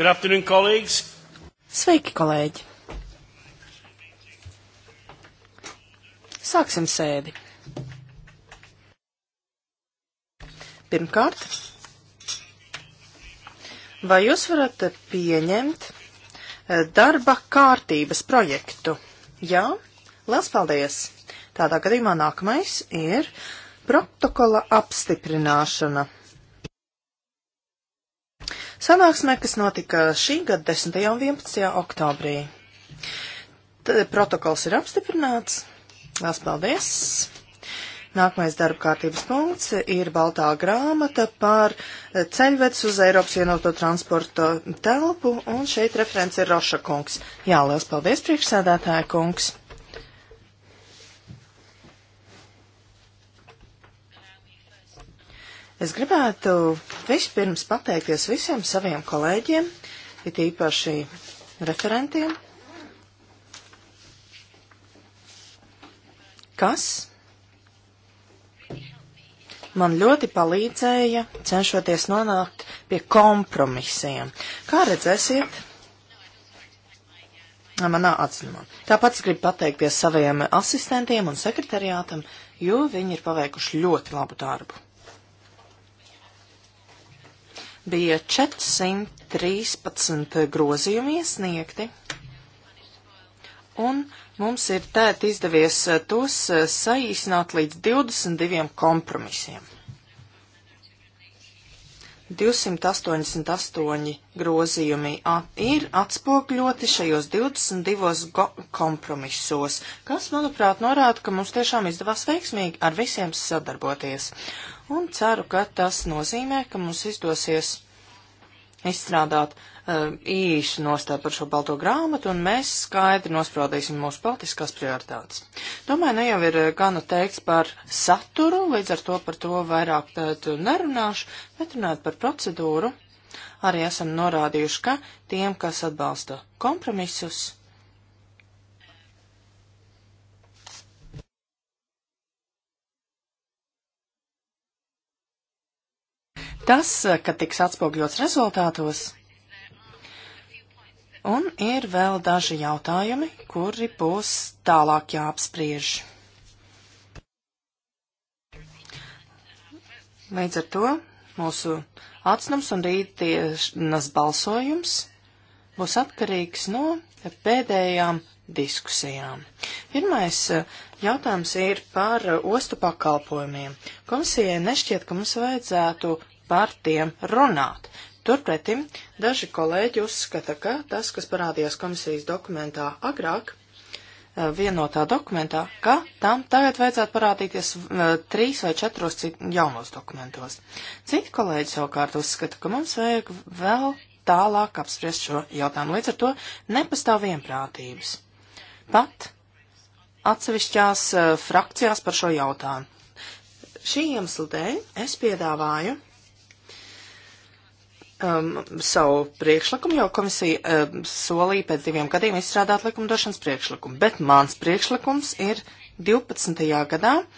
Good afternoon, colleagues. Sveiki, kolēģi! Sāksim sēdi. Pirmkārt, vai jūs varat pieņemt eh, darba kārtības projektu? Jā, liels paldies! Tādā gadījumā nākamais ir protokola apstiprināšana sanāksmē, kas notika šī gada 10. un 11. oktobrī. Tad protokols ir apstiprināts. Lās paldies! Nākamais darba kārtības punkts ir baltā grāmata par ceļvedus uz Eiropas vienoto transporta telpu, un šeit referents ir Roša kungs. Jā, liels paldies, priekšsēdētāja kungs. Es gribētu vispirms pateikties visiem saviem kolēģiem, it īpaši referentiem, kas man ļoti palīdzēja cenšoties nonākt pie kompromisiem. Kā redzēsiet, manā atzinumā. Tāpat es gribu pateikties saviem asistentiem un sekretariātam, jo viņi ir paveikuši ļoti labu darbu bija 413 grozījumi iesniegti, un mums ir tēt izdevies eh, tos eh, saīsināt līdz 22 kompromisiem. 288 grozījumi at, ir atspogļoti šajos 22 kompromisos, kas, manuprāt, norāda, ka mums tiešām izdevās veiksmīgi ar visiem sadarboties un ceru, ka tas nozīmē, ka mums izdosies izstrādāt uh, īsu nostāju par šo balto grāmatu, un mēs skaidri nospraudīsim mūsu politiskās prioritātes. Domāju, ne nu jau ir eh, gana teikts par saturu, līdz ar to par to vairāk tētu nerunāšu, bet runāt par procedūru. Arī esam norādījuši, ka tiem, kas atbalsta kompromisus, Tas, ka tiks atspogļots rezultātos, un ir vēl daži jautājumi, kuri būs tālāk jāapspriež. Līdz ar to mūsu atsnums un rītdienas balsojums būs atkarīgs no pēdējām diskusijām. Pirmais eh, jautājums ir par ostu pakalpojumiem. Komisijai nešķiet, ka mums vajadzētu par tiem runāt. Turpretim daži kolēģi uzskata, ka tas, kas parādījās komisijas dokumentā agrāk, eh, vienotā dokumentā, ka tam tagad vajadzētu parādīties eh, trīs vai četros jaunos dokumentos. Citi kolēģi savukārt uzskata, ka mums vajag vēl tālāk apspriest šo jautājumu. Līdz ar to nepastāv vienprātības. Pat atsevišķās uh, frakcijās par šo jautājumu. Šī iemesla dēļ es piedāvāju um, savu priekšlikumu, jo komisija um, solīja pēc diviem gadiem izstrādāt likumdošanas priekšlikumu. Bet mans priekšlikums ir 12. gadā uh,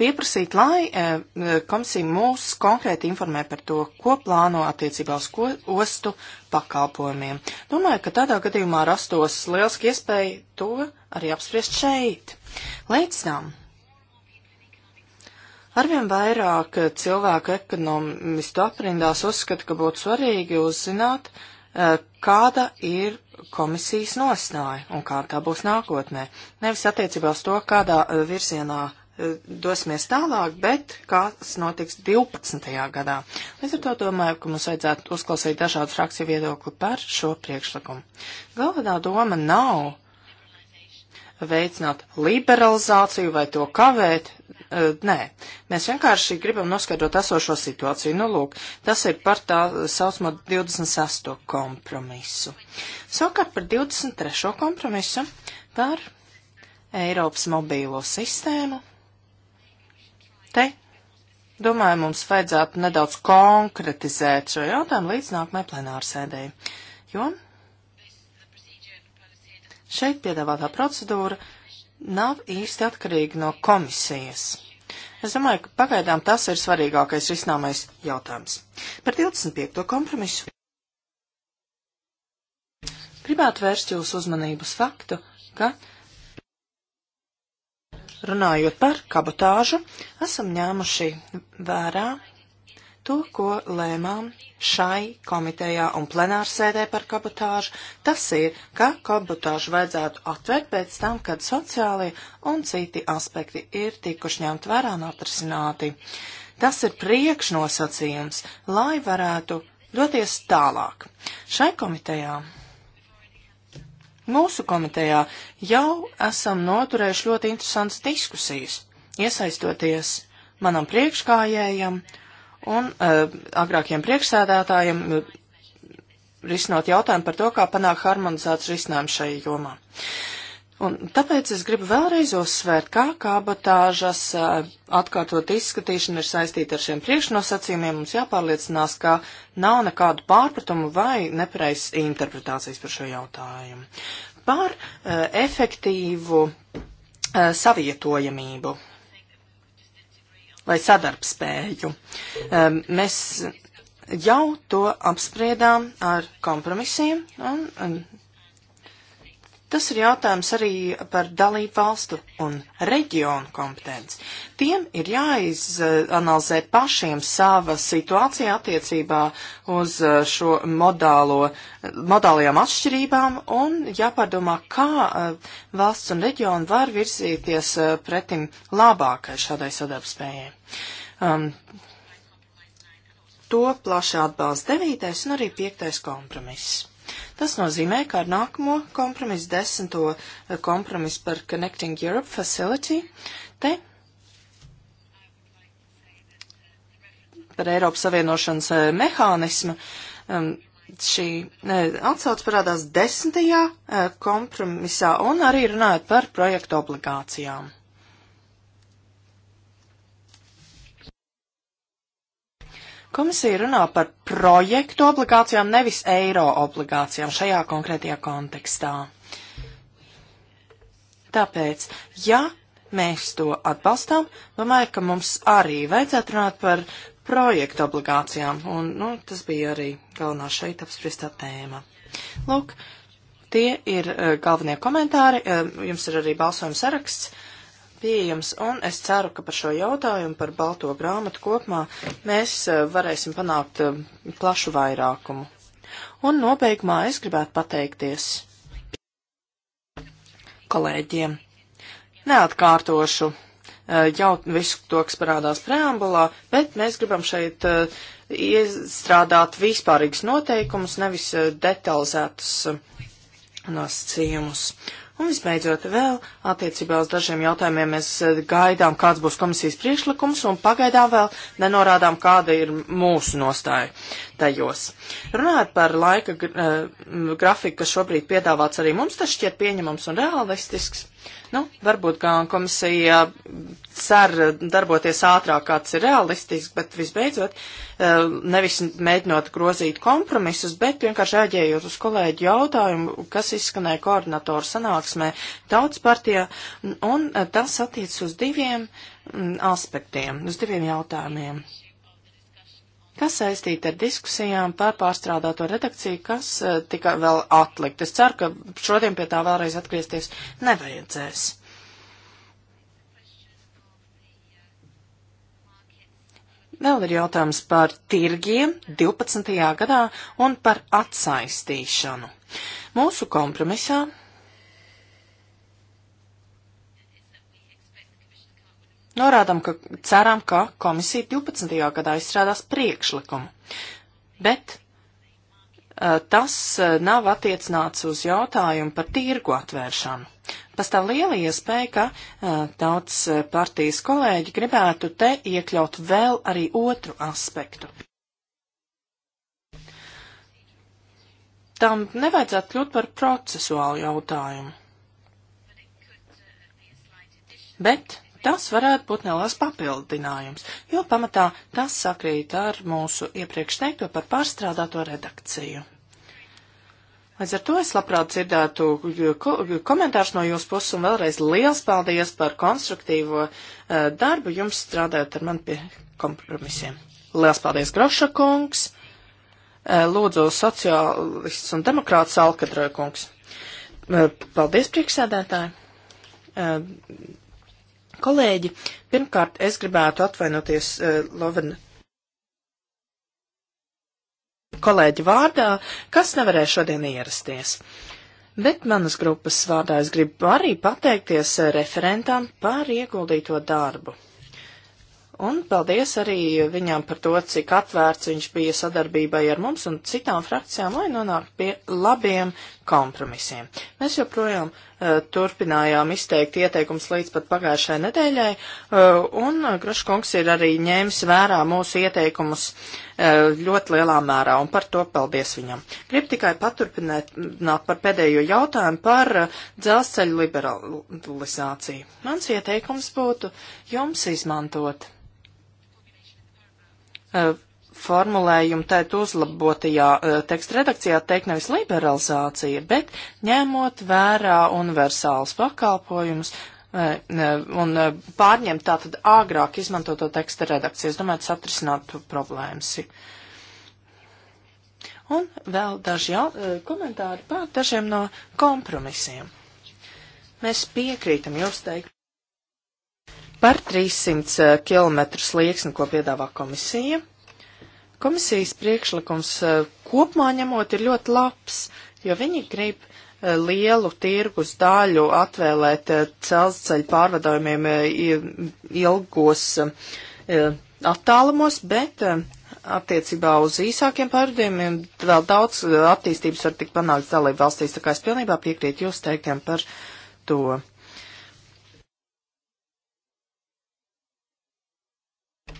pieprasīt, lai uh, komisija mūs konkrēti informē par to, ko plāno attiecībā uz ko, ostu pakalpojumiem. Domāju, ka tādā gadījumā rastos lielski iespēja to arī apspriest šeit. Līdz tam Arvien vairāk cilvēku ekonomistu aprindās uzskata, ka būtu svarīgi uzzināt, e, kāda ir komisijas nostāja un kā tā būs nākotnē. Nevis attiecībā uz to, kādā e, virzienā e, dosimies tālāk, bet kas notiks 12. gadā. Līdz ar to domāju, ka mums vajadzētu uzklausīt dažādu frakciju viedokli par šo priekšlikumu. Galvenā doma nav veicināt liberalizāciju vai to kavēt. Uh, nē, mēs vienkārši gribam noskaidrot esošo situāciju. Nu, lūk, tas ir par tā saucamo 26. kompromisu. Savukārt par 23. kompromisu par Eiropas mobīlo sistēmu. Te, domāju, mums vajadzētu nedaudz konkretizēt šo jautājumu līdz nākamajai plenārsēdēji, jo Šeit piedāvātā procedūra nav īsti atkarīga no komisijas. Es domāju, ka pagaidām tas ir svarīgākais risināmais jautājums. Par 25. kompromisu. Gribētu vērst jūsu uzmanību uz faktu, ka runājot par kabotāžu, esam ņēmuši vērā To, ko lēmām šai komitejā un plenārsēdē par kabotāžu, tas ir, ka kabotāžu vajadzētu atvērt pēc tam, kad sociālie un citi aspekti ir tikuši ņemt vērā un atrisināti. Tas ir priekšnosacījums, lai varētu doties tālāk. Šai komitejā Mūsu komitejā jau esam noturējuši ļoti interesantas diskusijas, iesaistoties manam priekškājējam un uh, agrākiem priekšsēdētājiem uh, risinot jautājumu par to, kā panākt harmonizēts risinājumu šai jomā. Un tāpēc es gribu vēlreiz uzsvērt, kā kabotāžas uh, atkārtot izskatīšana ir saistīta ar šiem priekšnosacījumiem. Mums jāpārliecinās, ka nav nekādu pārpratumu vai nepareizas interpretācijas par šo jautājumu. Par uh, efektīvu uh, savietojamību vai sadarbspēju. Mēs jau to apspriedām ar kompromisiem un Tas ir jautājums arī par dalību valstu un reģionu kompetenci. Tiem ir jāizanalizē pašiem sava situācija attiecībā uz uh, šo modālo, modālajām atšķirībām un jāpadomā, kā uh, valsts un reģioni var virzīties uh, pretim labākai šādai sadarbspējai. Um, to plaši atbalsta devītais un arī piektais kompromiss. Tas nozīmē, ka ar nākamo kompromisu, desmito eh, kompromisu par Connecting Europe Facility, te par Eiropas Savienošanas eh, mehānismu. Um, šī eh, atsauce parādās desmitajā kompromisā un arī runājot par projektu obligācijām. Komisija runā par projektu obligācijām, nevis eiro obligācijām šajā konkrētajā kontekstā. Tāpēc, ja mēs to atbalstām, domāju, ka mums arī vajadzētu runāt par projektu obligācijām, un nu, tas bija arī galvenā šeit apspriestā tēma. Lūk, tie ir uh, galvenie komentāri, uh, jums ir arī balsojuma saraksts. Uh, pieejams, un es ceru, ka par šo jautājumu, par balto grāmatu kopumā, mēs eh, varēsim panākt eh, plašu vairākumu. Un nobeigumā es gribētu pateikties kolēģiem. Neatkārtošu eh, jau visu to, kas parādās preambulā, bet mēs gribam šeit iestrādāt vispārīgas noteikumus, nevis detalizētus nosacījumus. Un visbeidzot vēl attiecībā uz dažiem jautājumiem mēs eh, gaidām, kāds būs komisijas priekšlikums un pagaidām vēl nenorādām, kāda ir mūsu nostāja tajos. Runājot par laika eh, grafiku, kas šobrīd piedāvāts arī mums, tas šķiet pieņemams un realistisks. Nu, varbūt kā komisija cer darboties ātrāk, kāds ir realistisks, bet visbeidzot, eh, nevis mēģinot grozīt kompromisus, bet vienkārši ēģējot uz kolēģi jautājumu, kas izskanēja koordinatoru sanāksmē tautas partijā, un tas attiec uz diviem mm, aspektiem, uz diviem jautājumiem kas saistīta ar diskusijām par pārstrādāto redakciju, kas eh, tika vēl atlikt. Es ceru, ka šodien pie tā vēlreiz atgriezties nevajadzēs. Vēl ir jautājums par tirgiem 12. gadā un par atsaistīšanu. Mūsu kompromisā Norādam, ka ceram, ka komisija 12. gadā izstrādās priekšlikumu, bet eh, tas eh, nav attiecināts uz jautājumu par tirgu atvēršanu. Pastāv liela iespēja, ka eh, daudz partijas kolēģi gribētu te iekļaut vēl arī otru aspektu. Tam nevajadzētu kļūt par procesuālu jautājumu. Bet Tas varētu būt neliels papildinājums, jo pamatā tas sakrīt ar mūsu iepriekš teikto par pārstrādāto redakciju. Līdz ar to es labprāt dzirdētu ko komentārus no jūsu puses un vēlreiz liels paldies par konstruktīvo uh, darbu jums strādājot ar mani pie kompromisiem. Liels paldies, Groša kungs! Uh, lūdzu, sociālists un demokrāts Alkadroja kungs. Uh, paldies, priekšsēdētāji! Kolēģi, pirmkārt es gribētu atvainoties uh, eh, Lovena kolēģi vārdā, kas nevarēja šodien ierasties. Bet manas grupas vārdā es gribu arī pateikties eh, referentam par ieguldīto darbu. Un paldies arī viņām par to, cik atvērts viņš bija sadarbībai ar mums un citām frakcijām, lai nonāktu pie labiem kompromisiem. Mēs joprojām Eh, turpinājām izteikt ieteikums līdz pat pagājušai nedēļai, eh, un Graškungs ir arī ņēmis vērā mūsu ieteikumus eh, ļoti lielā mērā, un par to paldies viņam. Grib tikai paturpināt par pēdējo jautājumu par dzelzceļu liberalizāciju. Mans ieteikums būtu jums izmantot formulējumu tēt uzlabotajā eh, teksta redakcijā teikt nevis liberalizācija, bet ņemot vērā universālus pakalpojumus eh, un eh, pārņemt tātad agrāk izmantoto teksta redakciju. Es domāju, tas atrisinātu problēmas. Un vēl daži komentāri par dažiem no kompromisiem. Mēs piekrītam jūs teikt par 300 km slieksni, ko piedāvā komisija. Komisijas priekšlikums eh, kopumā ņemot ir ļoti labs, jo viņi grib eh, lielu tirgus daļu atvēlēt celsceļu eh, pārvadājumiem ilgos attālumos, bet attiecībā uz īsākiem pārvadājumiem vēl daudz attīstības var tikt panākt dalību valstīs, tā kā es pilnībā piekrītu jūs teiktiem par to.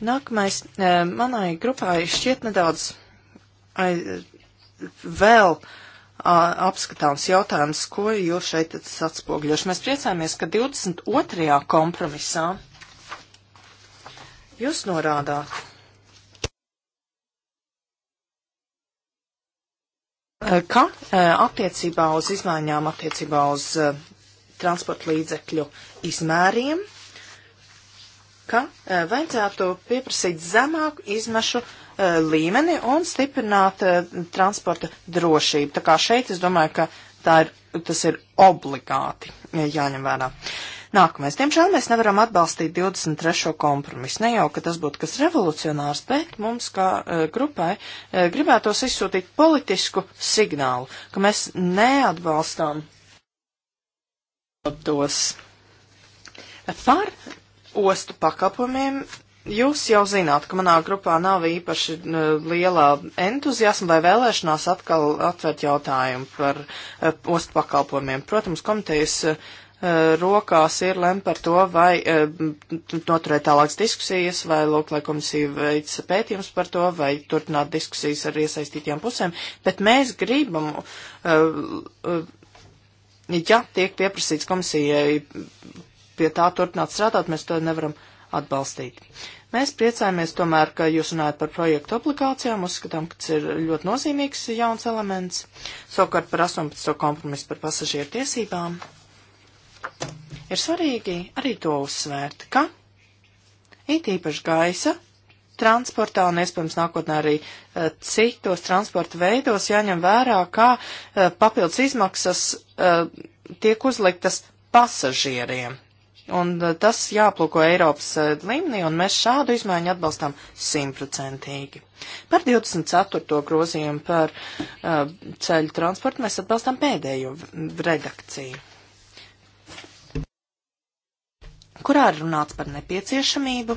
Nākamais e, manai grupai šķiet nedaudz e, vēl apskatāms jautājums, ko jūs šeit atspogļoši. Mēs priecājamies, ka 22. kompromisā jūs norādāt, e, ka attiecībā uz izmaiņām, attiecībā uz transporta līdzekļu izmēriem ka e, vajadzētu pieprasīt zemāku izmešu e, līmeni un stiprināt e, transporta drošību. Tā kā šeit es domāju, ka tā ir, tas ir obligāti jāņem vērā. Nākamais. Diemžēl mēs nevaram atbalstīt 23. kompromisu. Ne jau, ka tas būtu kas revolucionārs, bet mums kā uh, grupai uh, gribētos izsūtīt politisku signālu, ka mēs neatbalstām tos par ostu pakalpojumiem. Jūs jau zināt, ka manā grupā nav īpaši lielā entuziasma vai vēlēšanās atkal atvērt jautājumu par eh, ostu pakalpojumiem. Protams, komitejas eh, rokās ir lem par to, vai eh, noturēt tālākas diskusijas, vai lūk, lai komisija veic pētījums par to, vai turpināt diskusijas ar iesaistītiem pusēm, bet mēs gribam ja tiek pieprasīts komisijai pie tā turpināt strādāt, mēs to nevaram atbalstīt. Mēs priecājamies tomēr, ka jūs runājat par projektu obligācijām, uzskatām, ka tas ir ļoti nozīmīgs jauns elements. Savukārt par 18. kompromisu par pasažieru tiesībām ir svarīgi arī to uzsvērt, ka it īpaši gaisa transportā un, iespējams, nākotnē arī uh, citos transporta veidos jāņem vērā, kā uh, eh, papildus izmaksas uh, tiek uzliktas pasažieriem Un e, tas jāplūko Eiropas e, līmenī, un mēs šādu izmaiņu atbalstām simtprocentīgi. Par 24. grozījumu par uh, ceļu transportu mēs atbalstām pēdējo redakciju, kurā ir runāts par nepieciešamību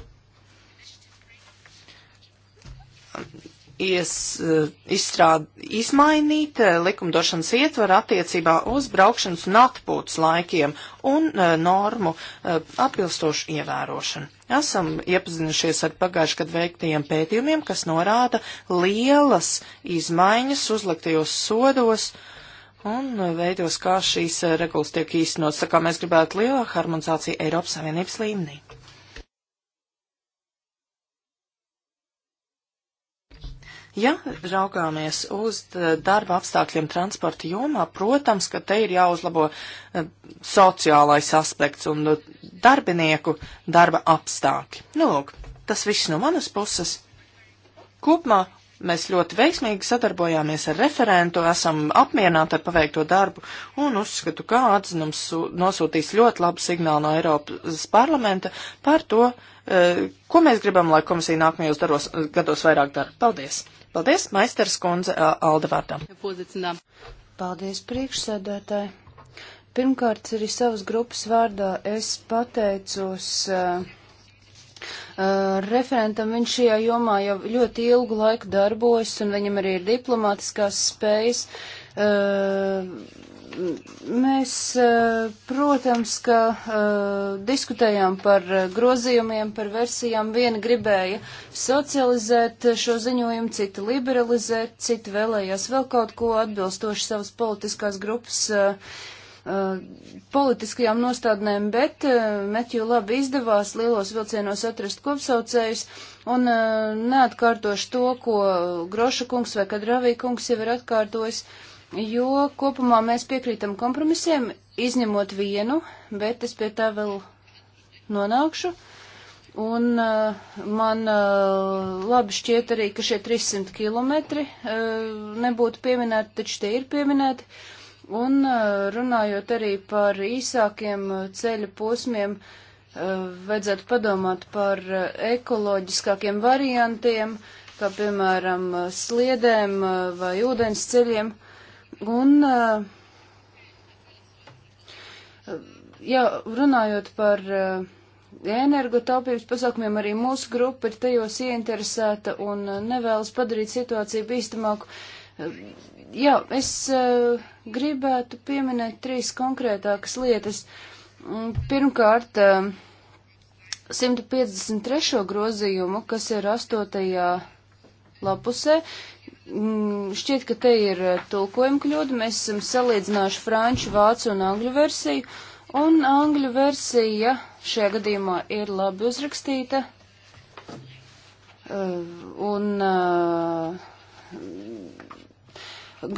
ies, eh, izstrād, izmainīt eh, likumdošanas ietvaru attiecībā uz braukšanas un atpūtas laikiem un eh, normu atbilstošu ievērošanu. Esam iepazinušies ar pagājušajā gadu veiktajiem pētījumiem, kas norāda lielas izmaiņas uzliktajos sodos un veidos, kā šīs regulas tiek īstenotas, tā kā mēs gribētu lielāku harmonizāciju Eiropas Savienības līmenī. Ja raugāmies uz eh, darba apstākļiem transporta jomā, protams, ka te ir jāuzlabo eh, sociālais aspekts un eh, darbinieku darba apstākļi. Nu, lūk, tas viss no manas puses. Kopumā mēs ļoti veiksmīgi sadarbojāmies ar referentu, esam apmierināti ar paveikto darbu un uzskatu, ka atzinums nosūtīs ļoti labu signālu no Eiropas parlamenta par to, ko mēs gribam, lai komisija nākamajos daros, gados vairāk dara. Paldies! Paldies, Maisters kundze, Alde vārdā. Paldies, priekšsēdētāji. Pirmkārt, arī savas grupas vārdā es pateicos uh, Uh, referentam viņš šajā jomā jau ļoti ilgu laiku darbojas, un viņam arī ir diplomātiskās spējas. Uh, Mēs, eh, protams, ka eh, diskutējām par grozījumiem, par versijām. Viena gribēja socializēt šo ziņojumu, cita liberalizēt, cita vēlējās vēl kaut ko atbilstoši savas politiskās grupas eh, politiskajām nostādnēm, bet Metju labi izdevās lielos vilcienos atrast kopsaucējus un neatkārtošu to, ko Groša kungs vai Kadravī kungs jau ir atkārtojis. Uh, jo kopumā mēs piekrītam kompromisiem, izņemot vienu, bet es pie tā vēl nonākšu. Un uh, man uh, labi šķiet arī, ka šie 300 km uh, nebūtu pieminēti, taču tie ir pieminēti. Un uh, runājot arī par īsākiem ceļa posmiem, uh, vajadzētu padomāt par uh, ekoloģiskākiem variantiem, kā piemēram sliedēm uh, vai ūdens ceļiem. Uh, Un, eh, ja runājot par eh, energotaupības pasākumiem, arī mūsu grupa ir tajos ieinteresēta un eh, nevēlas padarīt situāciju bīstamāku. Jā, es gribētu pieminēt trīs konkrētākas lietas. Mm, pirmkārt, 153. grozījumu, kas ir 8. lapusē, Mm, šķiet, ka te ir eh, tulkojuma kļūda. Mēs esam salīdzinājuši franču, vācu un angļu versiju. Un angļu versija šajā gadījumā ir labi uzrakstīta. Eh, un eh,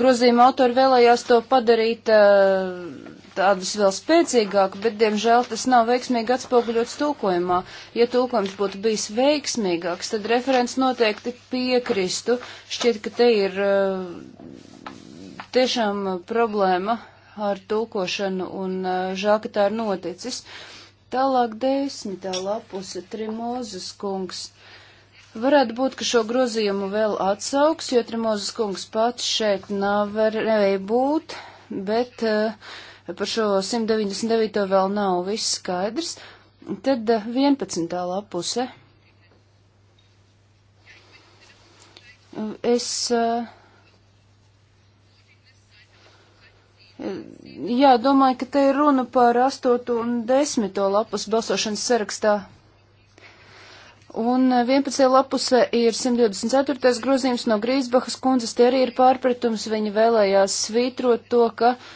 grozījuma autori vēlējās to padarīt tādus vēl spēcīgāk, bet, diemžēl, tas nav veiksmīgi atspoguļots tulkojumā. Ja tulkojums būtu bijis veiksmīgāks, tad referents noteikti piekristu. Šķiet, ka te ir eh, tiešām problēma ar tulkošanu, un eh, žēl, ka tā ir noticis. Tālāk desmitā lapuse Trimozes kungs. Varētu būt, ka šo grozījumu vēl atsauks, jo Trimozes kungs pats šeit nav varēja būt, bet uh, par šo 199. vēl nav viss skaidrs. Tad 11. Eh, lapuse. Es. Eh, jā, domāju, ka te ir runa par 8. un 10. lapus balsošanas sarakstā. Un 11. Eh, lapuse ir 124. grozījums no Grīsbahas kundzes, te arī ir pārpratums, viņa vēlējās svītrot to, ka uh,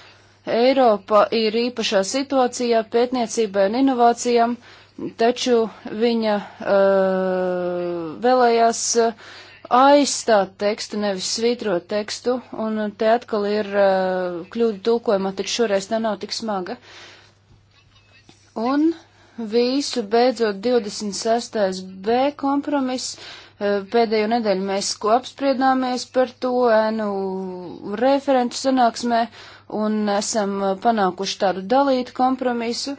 Eiropa ir īpašā situācijā pētniecībai un inovācijām, taču viņa uh, vēlējās uh, aizstāt tekstu, nevis svītrot tekstu, un te atkal ir uh, kļūda tulkojumā, taču šoreiz tā nav tik smaga. Un visu beidzot 26. B kompromiss Eh, pēdējo nedēļu mēs ko apspriedāmies par to ēnu referentu sanāksmē un esam eh, panākuši tādu dalītu kompromisu.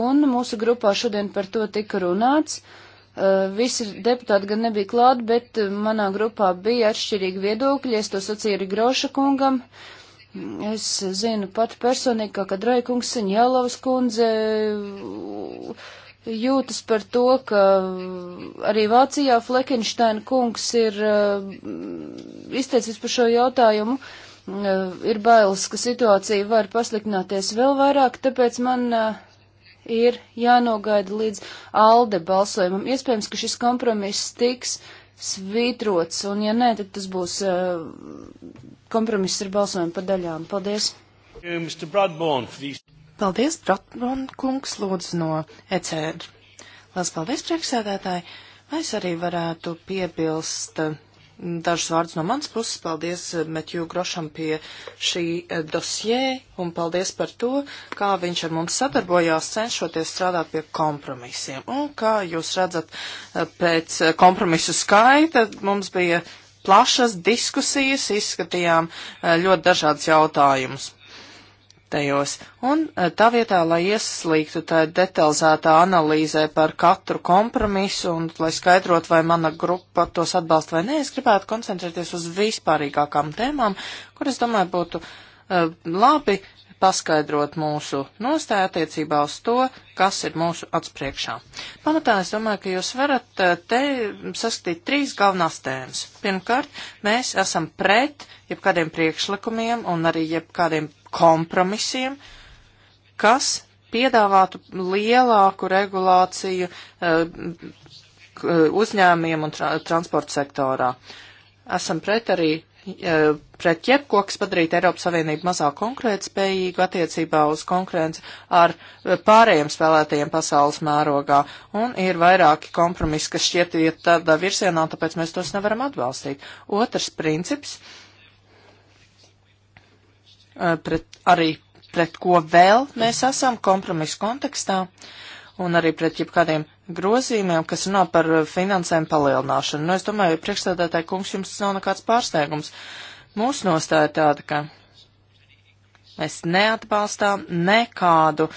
Un mūsu grupā šodien par to tika runāts. Eh, visi deputāti gan nebija klāt, bet manā grupā bija atšķirīgi viedokļi. Es to sacīju arī Groša kungam. Es zinu pat personīgi, ka Draikungs un Jālavas kundze jūtas par to, ka arī Vācijā Fleckensteina kungs ir eh, izteicis par šo jautājumu. Eh, ir bailes, ka situācija var pasliktināties vēl vairāk, tāpēc man eh, ir jānogaida līdz ALDE balsojumam. Iespējams, ka šis kompromiss tiks svītrots, un ja nē, tad tas būs kompromiss ar balsojumu pa daļām. Paldies! Mr. Bradbourne, for these... Paldies, Brotman kungs, lūdzu no ECR. Lielas paldies, priekšsēdētāji. Es arī varētu piebilst mm, dažus vārdus no manas puses. Paldies eh, Metju Grošam pie šī eh, dosjē un paldies par to, kā viņš ar mums sadarbojās, cenšoties strādāt pie kompromisiem. Un kā jūs redzat, eh, pēc kompromisu skaita mums bija plašas diskusijas, izskatījām ļoti dažādas jautājumus tajos, un eh, tā vietā, lai ieslīgtu tā detalizētā analīzē par katru kompromisu un lai skaidrot, vai mana grupa tos atbalsta vai nē, es gribētu koncentrēties uz vispārīgākām tēmām, kuras, domāju, būtu uh, labi paskaidrot mūsu nostāju attiecībā uz to, kas ir mūsu atspriekšā. Pamatā es domāju, ka jūs varat uh, te saskatīt trīs galvenās tēmas. Pirmkārt, mēs esam pret jebkādiem priekšlikumiem un arī jebkādiem kompromisiem, kas piedāvātu lielāku regulāciju eh, eh, uzņēmiem un tra transporta sektorā. Esam pret arī eh, pret jebko, kas padarītu Eiropas Savienību mazāk konkurētspējīgu attiecībā uz konkurenci ar pārējiem spēlētajiem pasaules mērogā. Un ir vairāki kompromisi, kas šķiet iet tādā virsienā, tāpēc mēs tos nevaram atbalstīt. Otrs princips. Uh, Eh, pret, arī pret ko vēl mēs esam kompromisu kontekstā un arī pret jebkādiem grozījumiem, kas runā par eh, finansēm palielināšanu. Nu, es domāju, priekšstādātāji kungs, jums nav nekāds pārsteigums. Mūsu nostāja tāda, ka mēs neatbalstām nekādu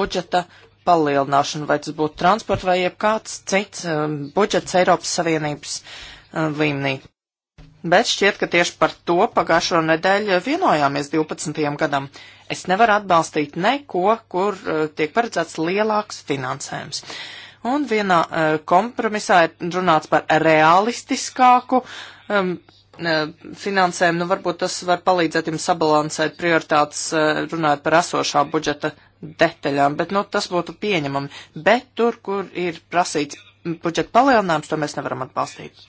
budžeta palielināšanu, vai tas būtu transporta vai jebkāds cits um, budžets Eiropas Savienības um, līmenī bet šķiet, ka tieši par to pagājušo nedēļu vienojāmies 12. gadam. Es nevaru atbalstīt neko, kur eh, tiek paredzēts lielāks finansējums. Un vienā eh, kompromisā ir runāts par realistiskāku um, eh, finansējumu. Nu, varbūt tas var palīdzēt jums sabalansēt prioritātes, runājot par esošā budžeta detaļām, bet, nu, tas būtu pieņemami. Bet tur, kur ir prasīts budžeta palielinājums, to mēs nevaram atbalstīt.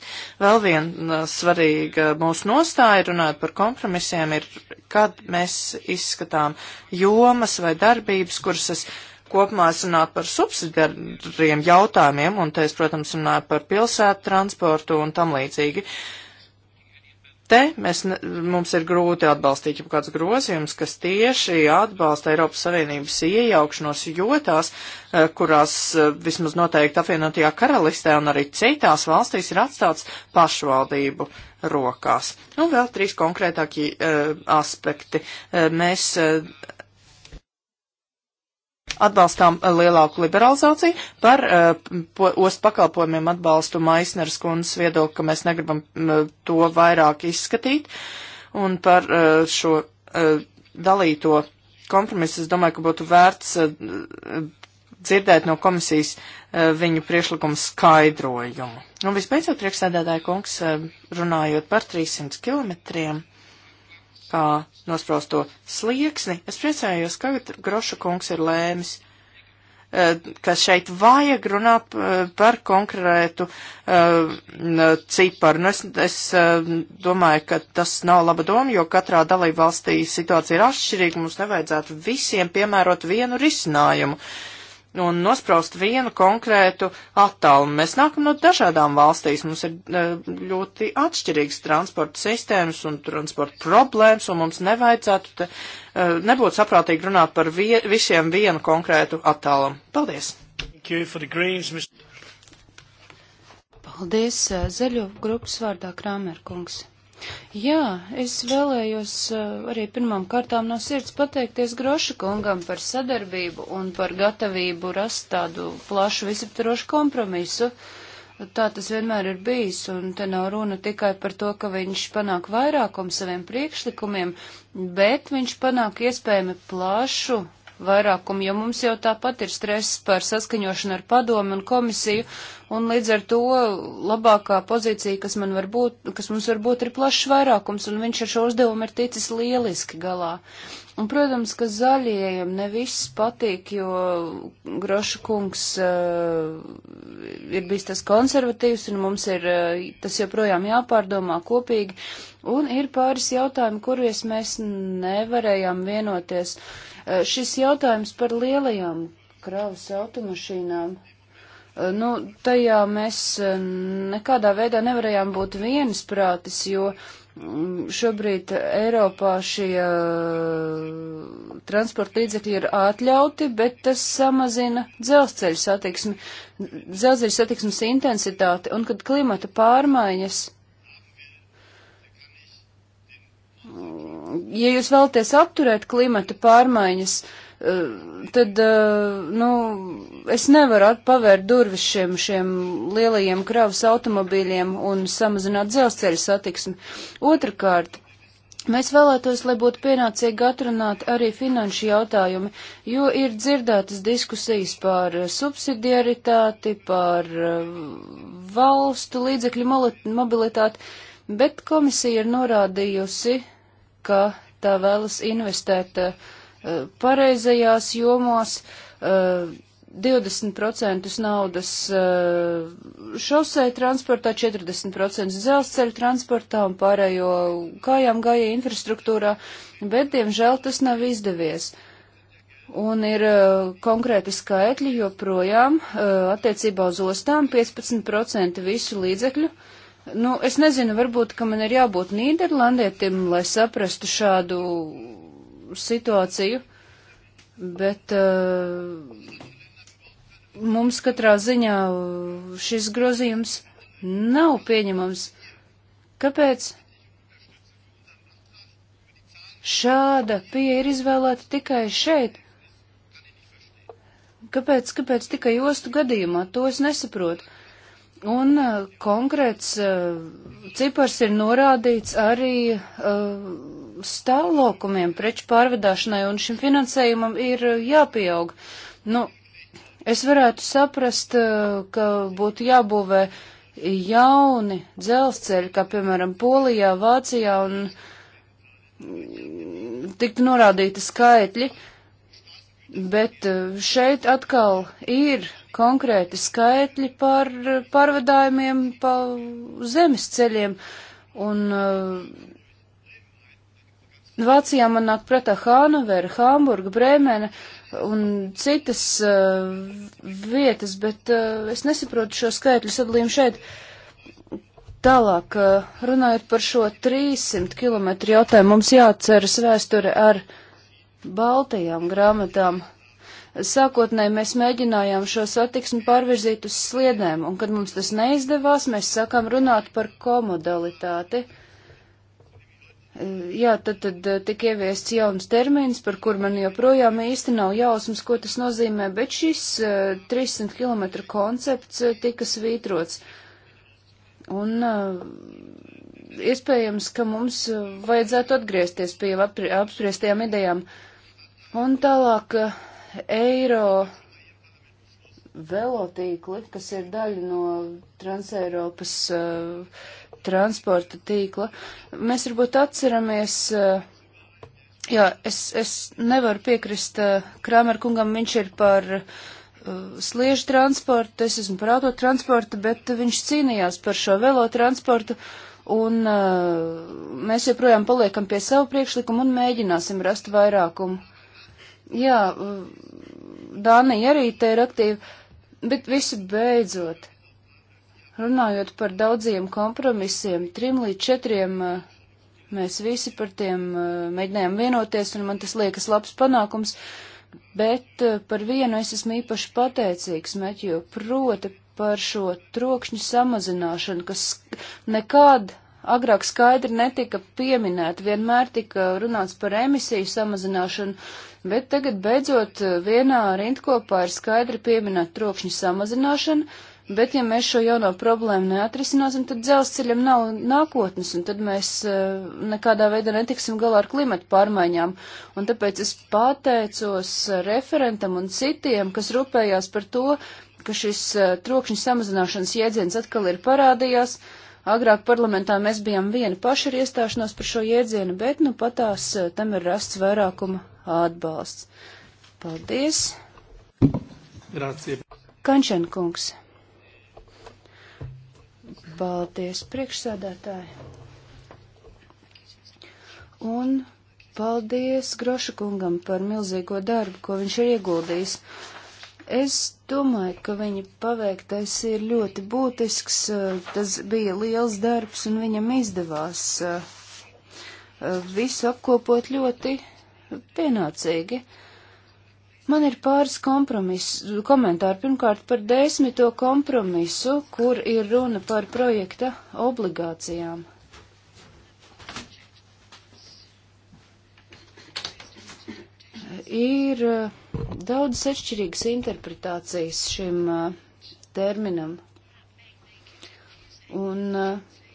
Vēl viena uh, svarīga mūsu nostāja runājot par kompromisiem ir, kad mēs izskatām jomas vai darbības, kuras es kopumā es runātu par subsidiariem jautājumiem, un te es, protams, runāju par pilsētu transportu un tam līdzīgi. Uh, Te mēs, mums ir grūti atbalstīt jau kāds grozījums, kas tieši atbalsta Eiropas Savienības iejaukšanos jotās, eh, kurās eh, vismaz noteikti apvienotajā karalistē un arī citās valstīs ir atstāts pašvaldību rokās. Un vēl trīs konkrētākie uh, aspekti. Uh, mēs uh, atbalstām eh, lielāku liberalizāciju par uh, ostu pakalpojumiem atbalstu Maisneras kundas viedokli, ka mēs negribam uh, to vairāk izskatīt. Un par uh, šo uh, dalīto kompromisu es domāju, ka būtu vērts uh, dzirdēt no komisijas uh, viņu priekšlikumu skaidrojumu. Un visbeidzot, priekšsēdētāja kungs, uh, runājot par 300 kilometriem. Uh, kā nosprosto slieksni, es priecājos, ka Groša kungs ir lēmis, e, ka šeit vajag runāt e, par konkrētu e, ciparu. Nu, es, es domāju, ka tas nav laba doma, jo katrā dalība valstī situācija ir atšķirīga, mums nevajadzētu visiem piemērot vienu risinājumu. Uh, un nospraust vienu konkrētu attālumu. Mēs nākam no dažādām valstīs, mums ir e, ļoti atšķirīgas transporta sistēmas un transporta problēmas, un mums nevajadzētu te, e, nebūt saprātīgi runāt par vie, visiem vienu konkrētu attālumu. Paldies! Paldies, e, zaļo grupas vārdā Krāmerkungs. Jā, es vēlējos eh, arī pirmām kārtām no sirds pateikties Groša kungam par sadarbību un par gatavību rast tādu plašu visaptarošu kompromisu. Tā tas vienmēr ir bijis, un te nav runa tikai par to, ka viņš panāk vairākumu saviem priekšlikumiem, bet viņš panāk iespējami plašu vairākumu, jo mums jau tāpat ir stress par saskaņošanu ar padomu un komisiju, un līdz ar to labākā pozīcija, kas, man var būt, kas mums var būt, ir plašs vairākums, un viņš ar šo uzdevumu ir ticis lieliski galā. Un, protams, ka zaļajiem ne viss patīk, jo Groša kungs uh, ir bijis tas konservatīvs, un mums ir uh, tas joprojām jāpārdomā kopīgi. Un ir pāris jautājumi, kuries mēs nevarējām vienoties. Uh, šis jautājums par lielajām kravas automašīnām. Uh, nu, tajā mēs uh, nekādā veidā nevarējām būt viensprātis, jo uh, Šobrīd Eiropā šie eh, transporta līdzekļi ir atļauti, bet tas samazina dzelzceļa satiksmi, dzelzceļa satiksmes intensitāti, un kad klimata pārmaiņas, mm, ja jūs vēlaties apturēt klimata pārmaiņas, uh, Eh, tad, eh, nu, es nevaru pavērt durvis šiem, šiem lielajiem kravas automobīļiem un samazināt dzelzceļa satiksmi. Otrakārt, Mēs vēlētos, lai būtu pienācīgi atrunāt arī finanšu jautājumi, jo ir dzirdētas diskusijas par eh, subsidiaritāti, par valstu līdzekļu mobilitāti, bet komisija ir norādījusi, ka tā vēlas investēt uh, Eh, pareizajās jomās, 20% eh, naudas eh, šosei transportā, 40% dzelzceļa transportā un pārējo kājām gāja infrastruktūrā, bet, diemžēl, tas nav izdevies. Un ir konkrēti skaitļi joprojām attiecībā uz ostām 15% visu līdzekļu. Nu, es nezinu, varbūt, ka man ir jābūt Nīderlandietim, lai saprastu šādu situāciju, bet uh, mums katrā ziņā šis grozījums nav pieņemams. Kāpēc? Šāda pieeja ir izvēlēta tikai šeit. Kāpēc, kāpēc tikai ostu gadījumā? To es nesaprotu. Un uh, konkrēts uh, cipars ir norādīts arī uh, stāvlaukumiem preču pārvedāšanai, un šim finansējumam ir eh, jāpieaug. Nu, es varētu saprast, eh, ka būtu jābūvē jauni dzelzceļi, kā piemēram Polijā, Vācijā, un mm, tiktu norādīti skaitļi, bet eh, šeit atkal ir konkrēti skaitļi par pārvadājumiem pa zemes ceļiem, un uh, Vācijā man nāk prātā Hānovera, Hamburga, Brēmene un citas uh, vietas, bet uh, es nesaprotu šo skaitļu sadalījumu šeit. Tālāk, uh, runājot par šo 300 km jautājumu, mums jāatceras vēsture ar Baltajām grāmatām. Sākotnēji mēs mēģinājām šo satiksmi pārvirzīt uz sliedēm, un kad mums tas neizdevās, mēs sākām runāt par komodalitāti. Jā, tad, tad eh, tika ieviests jauns termins, par kur man joprojām īsti nav jausmas, ko tas nozīmē, bet šis 300 eh, km koncepts eh, tika svītrots. Un iespējams, ka mums vajadzētu atgriezties pie apspriestajām idejām. Un tālāk eiro velotīkli, kas ir daļa no Transeiropas uh, transporta tīkla. Mēs varbūt atceramies, eh, jā, es, es nevaru piekrist eh, Krāmer kungam, viņš ir par eh, sliežu transportu, es esmu par autotransportu, bet viņš cīnījās par šo velotransportu. Un uh, mēs joprojām paliekam pie savu priekšlikumu un mēģināsim rast vairākumu. Jā, Dānija arī te ir aktīva, bet visu beidzot Runājot par daudziem kompromisiem, trim līdz četriem eh, mēs visi par tiem eh, mēģinājām vienoties, un man tas liekas labs panākums, bet eh, par vienu es esmu īpaši pateicīgs, Meķio, proti par šo trokšņu samazināšanu, kas nekad agrāk skaidri netika pieminēta, vienmēr tika runāts par emisiju samazināšanu, bet tagad beidzot vienā rindkopā ir skaidri pieminēta trokšņa samazināšana, Bet, ja mēs šo jauno problēmu neatrisināsim, tad dzelzceļam nav nākotnes, un tad mēs eh, nekādā veidā netiksim galā ar klimatu pārmaiņām. Un tāpēc es pateicos referentam un citiem, kas rūpējās par to, ka šis eh, trokšņa samazināšanas jēdziens atkal ir parādījās. Agrāk parlamentā mēs bijām vieni paši ar iestāšanos par šo jēdzienu, bet nu patās eh, tam ir rasts vairākuma atbalsts. Paldies! Grācija. Kančenkungs. kungs. Paldies, priekšsēdētāji! Un paldies Groša kungam par milzīgo darbu, ko viņš ir ieguldījis. Es domāju, ka viņa paveiktais ir ļoti būtisks. Eh, tas bija liels darbs un viņam izdevās eh, eh, visu apkopot ļoti pienācīgi. Uh, Man ir pāris kompromisu, komentāri. Pirmkārt, par desmito kompromisu, kur ir runa par projekta obligācijām. Ir eh, daudz atšķirīgas interpretācijas šim eh, terminam. Un eh,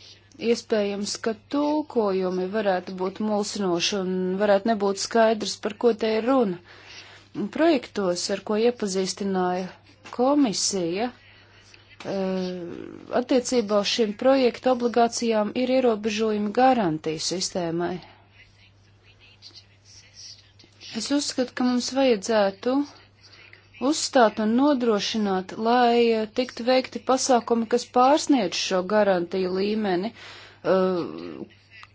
iespējams, ka tulkojumi varētu būt mulsinoši un varētu nebūt skaidrs, par ko te ir runa projektos, ar ko iepazīstināja komisija, eh, attiecībā uz šīm projektu obligācijām ir ierobežojumi garantiju sistēmai. Es uzskatu, ka mums vajadzētu uzstāt un nodrošināt, lai eh, tiktu veikti pasākumi, kas pārsniedz šo garantiju līmeni, eh,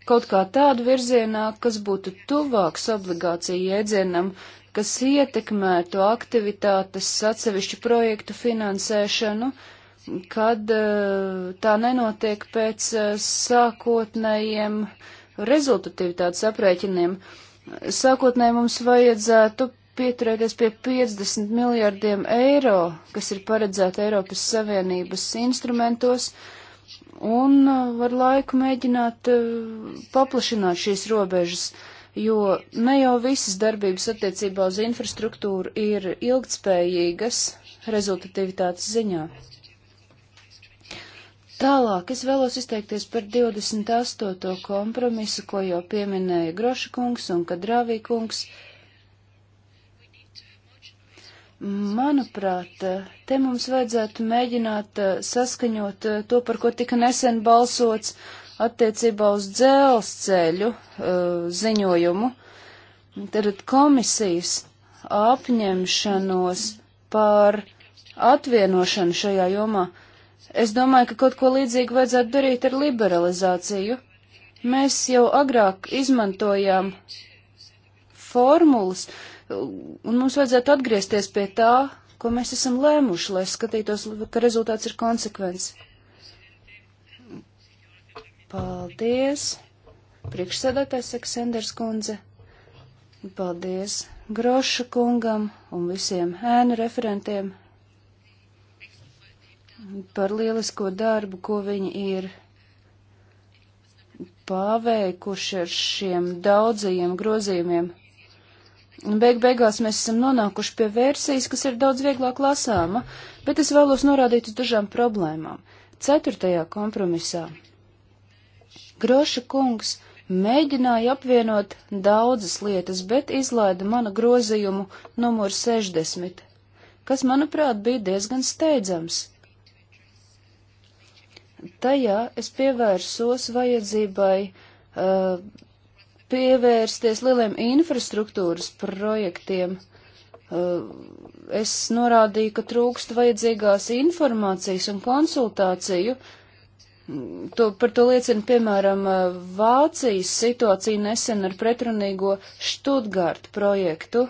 kaut kā tādu virzienā, kas būtu tuvāks obligāciju jēdzienam, kas ietekmētu aktivitātes atsevišķu projektu finansēšanu, kad eh, tā nenotiek pēc eh, sākotnējiem rezultatīvitātes aprēķiniem. Sākotnēji mums vajadzētu pieturēties pie 50 miljardiem eiro, kas ir paredzēta Eiropas Savienības instrumentos, un eh, ar laiku mēģināt paplašināt šīs robežas. Uh, jo ne jau visas darbības attiecībā uz infrastruktūru ir ilgtspējīgas rezultatīvitātes ziņā. Tālāk es vēlos izteikties par 28. kompromisu, ko jau pieminēja Groša kungs un Kadrāvī kungs. Manuprāt, te mums vajadzētu mēģināt eh, saskaņot eh, to, par ko tika nesen balsots, attiecībā uz dzelzceļu eh, ziņojumu, tad komisijas apņemšanos par atvienošanu šajā jomā. Es domāju, ka kaut ko līdzīgu vajadzētu darīt ar liberalizāciju. Mēs jau agrāk izmantojām formulas, un mums vajadzētu atgriezties pie tā, ko mēs esam lēmuši, lai skatītos, ka rezultāts ir konsekvents. Paldies! Priekšsēdētājs Eksenders kundze. Paldies Groša kungam un visiem ēnu referentiem par lielisko darbu, ko viņi ir paveikuši ar šiem daudzajiem grozījumiem. Beig beigās mēs esam nonākuši pie versijas, kas ir daudz vieglāk lasāma, bet es vēlos norādīt uz dažām problēmām. Ceturtajā kompromisā Groša kungs mēģināja apvienot daudzas lietas, bet izlaida manu grozījumu numur 60, kas, manuprāt, bija diezgan steidzams. Tajā es pievērsos vajadzībai uh, pievērsties lieliem infrastruktūras projektiem. Uh, es norādīju, ka trūkst vajadzīgās informācijas un konsultāciju uh, To, par to liecina, piemēram, Vācijas situācija nesen ar pretrunīgo Študgārdu projektu.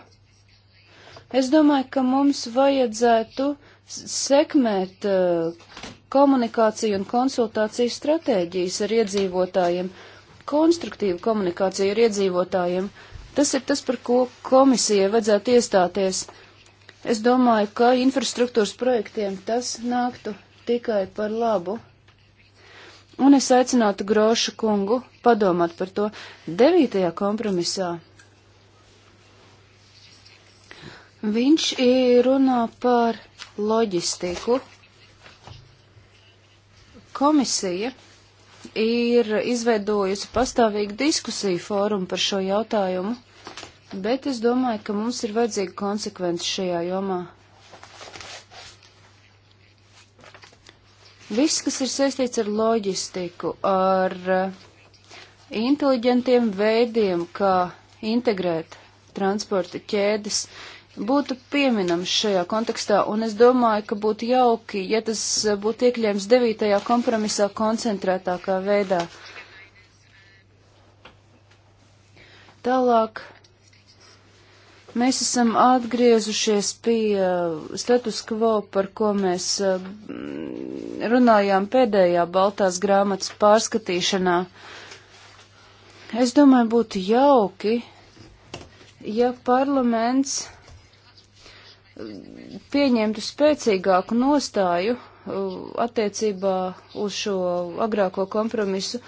Es domāju, ka mums vajadzētu sekmēt uh, komunikāciju un konsultāciju stratēģijas ar iedzīvotājiem, konstruktīvu komunikāciju ar iedzīvotājiem. Tas ir tas, par ko komisijai vajadzētu iestāties. Es domāju, ka infrastruktūras projektiem tas nāktu tikai par labu. Un es aicinātu Grošu kungu padomāt par to devītajā kompromisā. Viņš runā par loģistiku. Komisija ir izveidojusi pastāvīgu diskusiju fórumu par šo jautājumu, bet es domāju, ka mums ir vajadzīga konsekvence šajā jomā. Viss, kas ir saistīts ar loģistiku, ar eh, inteliģentiem veidiem, kā integrēt transporta ķēdes, būtu pieminams šajā kontekstā, un es domāju, ka būtu jauki, ja tas būtu iekļēms devītajā kompromisā koncentrētākā veidā. Tālāk Mēs esam atgriezušies pie uh, status quo, par ko mēs uh, runājām pēdējā Baltās grāmatas pārskatīšanā. Es domāju, būtu jauki, ja parlaments uh, pieņemtu spēcīgāku nostāju attiecībā uz šo agrāko kompromisu.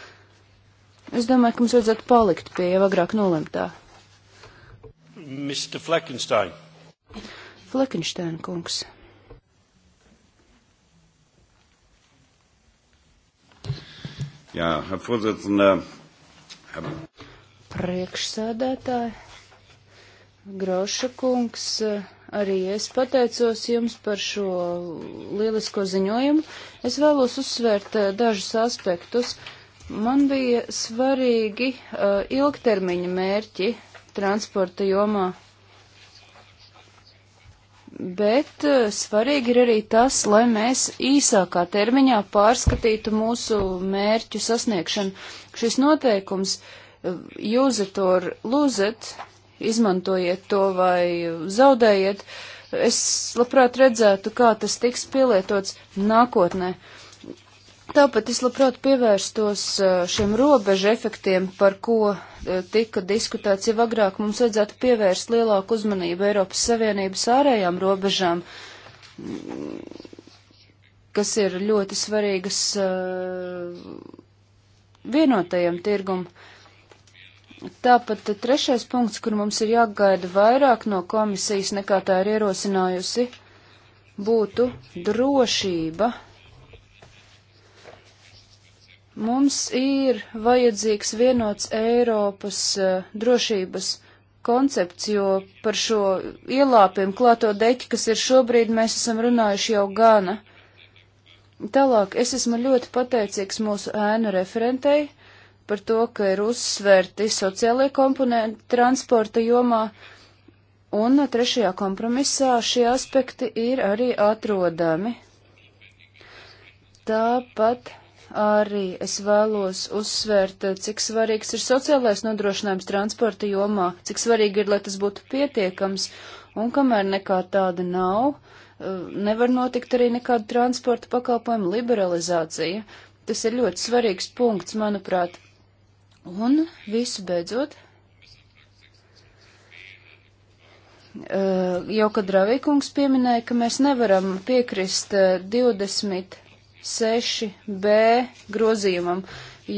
Es domāju, ka mums vajadzētu palikt pie jau agrāk nolemtā. Mr. Fleckenstein. Fleckenstein kungs. Jā, Herr Vorsitzender. Herr... Priekšsēdētāji, Groša kungs, arī es pateicos jums par šo lielisko ziņojumu. Es vēlos uzsvērt eh, dažus aspektus. Man bija svarīgi uh, ilgtermiņa mērķi transporta jomā. Bet eh, svarīgi ir arī tas, lai mēs īsākā termiņā pārskatītu mūsu mērķu sasniegšanu. Šis noteikums eh, use it or lose it, izmantojiet to vai zaudējiet, es labprāt redzētu, kā tas tiks pielietots nākotnē. Uh, Tāpat es labprāt pievērstos eh, šiem robežu efektiem, par ko eh, tika diskutēts jau agrāk. Mums vajadzētu pievērst lielāku uzmanību Eiropas Savienības ārējām robežām, mm, kas ir ļoti svarīgas eh, vienotajam tirgumam. Tāpat trešais punkts, kur mums ir jāgaida vairāk no komisijas nekā tā ir ierosinājusi, būtu drošība Mums ir vajadzīgs vienots Eiropas uh, drošības koncepts, jo par šo ielāpiem klāto deķi, kas ir šobrīd, mēs esam runājuši jau gana. Tālāk es esmu ļoti pateicīgs mūsu ēnu referentei par to, ka ir uzsvērti sociālie komponenti transporta jomā, un trešajā kompromisā šie aspekti ir arī atrodami. Tāpat arī es vēlos uzsvērt, cik svarīgs ir sociālais nodrošinājums transporta jomā, cik svarīgi ir, lai tas būtu pietiekams, un kamēr nekā tāda nav, eh, nevar notikt arī nekāda transporta pakalpojuma liberalizācija. Tas ir ļoti svarīgs punkts, manuprāt. Un visu beidzot, eh, jau kad Ravīkungs pieminēja, ka mēs nevaram piekrist 20 eh, 6b grozījumam,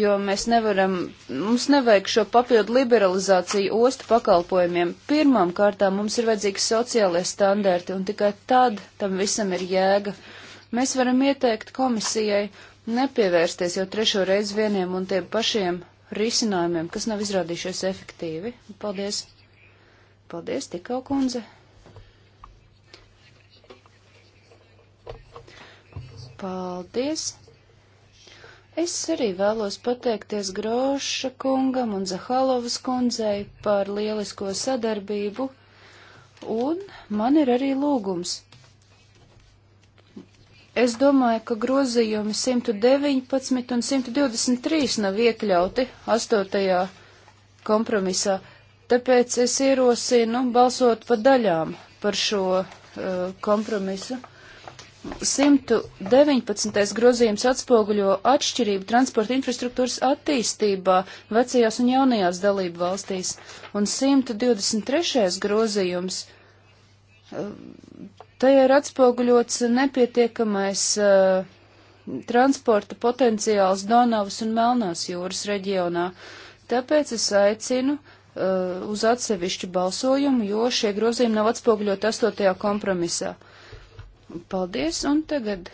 jo mēs nevaram, mums nevajag šo papildu liberalizāciju ostu pakalpojumiem. Pirmām kārtām mums ir vajadzīgi sociālie standarti, un tikai tad tam visam ir jēga. Mēs varam ieteikt komisijai nepievērsties jau trešo reizi vieniem un tiem pašiem risinājumiem, kas nav izrādījušies efektīvi. Paldies! Paldies, tikau kundze! Paldies! Es arī vēlos pateikties Groša kungam un Zahalovas kundzei par lielisko sadarbību, un man ir arī lūgums. Es domāju, ka grozījumi 119 un 123 nav iekļauti 8. kompromisā, tāpēc es ierosinu balsot pa daļām par šo uh, kompromisu. 119. grozījums atspoguļo atšķirību transporta infrastruktūras attīstībā vecajās un jaunajās dalību valstīs, un 123. grozījums eh, tajā ir atspoguļots nepietiekamais uh, transporta potenciāls Donavas un Melnās jūras reģionā. Tāpēc es aicinu uh, uz atsevišķu balsojumu, jo šie grozījumi nav atspoguļoti astotajā kompromisā. Uh, Paldies, un tagad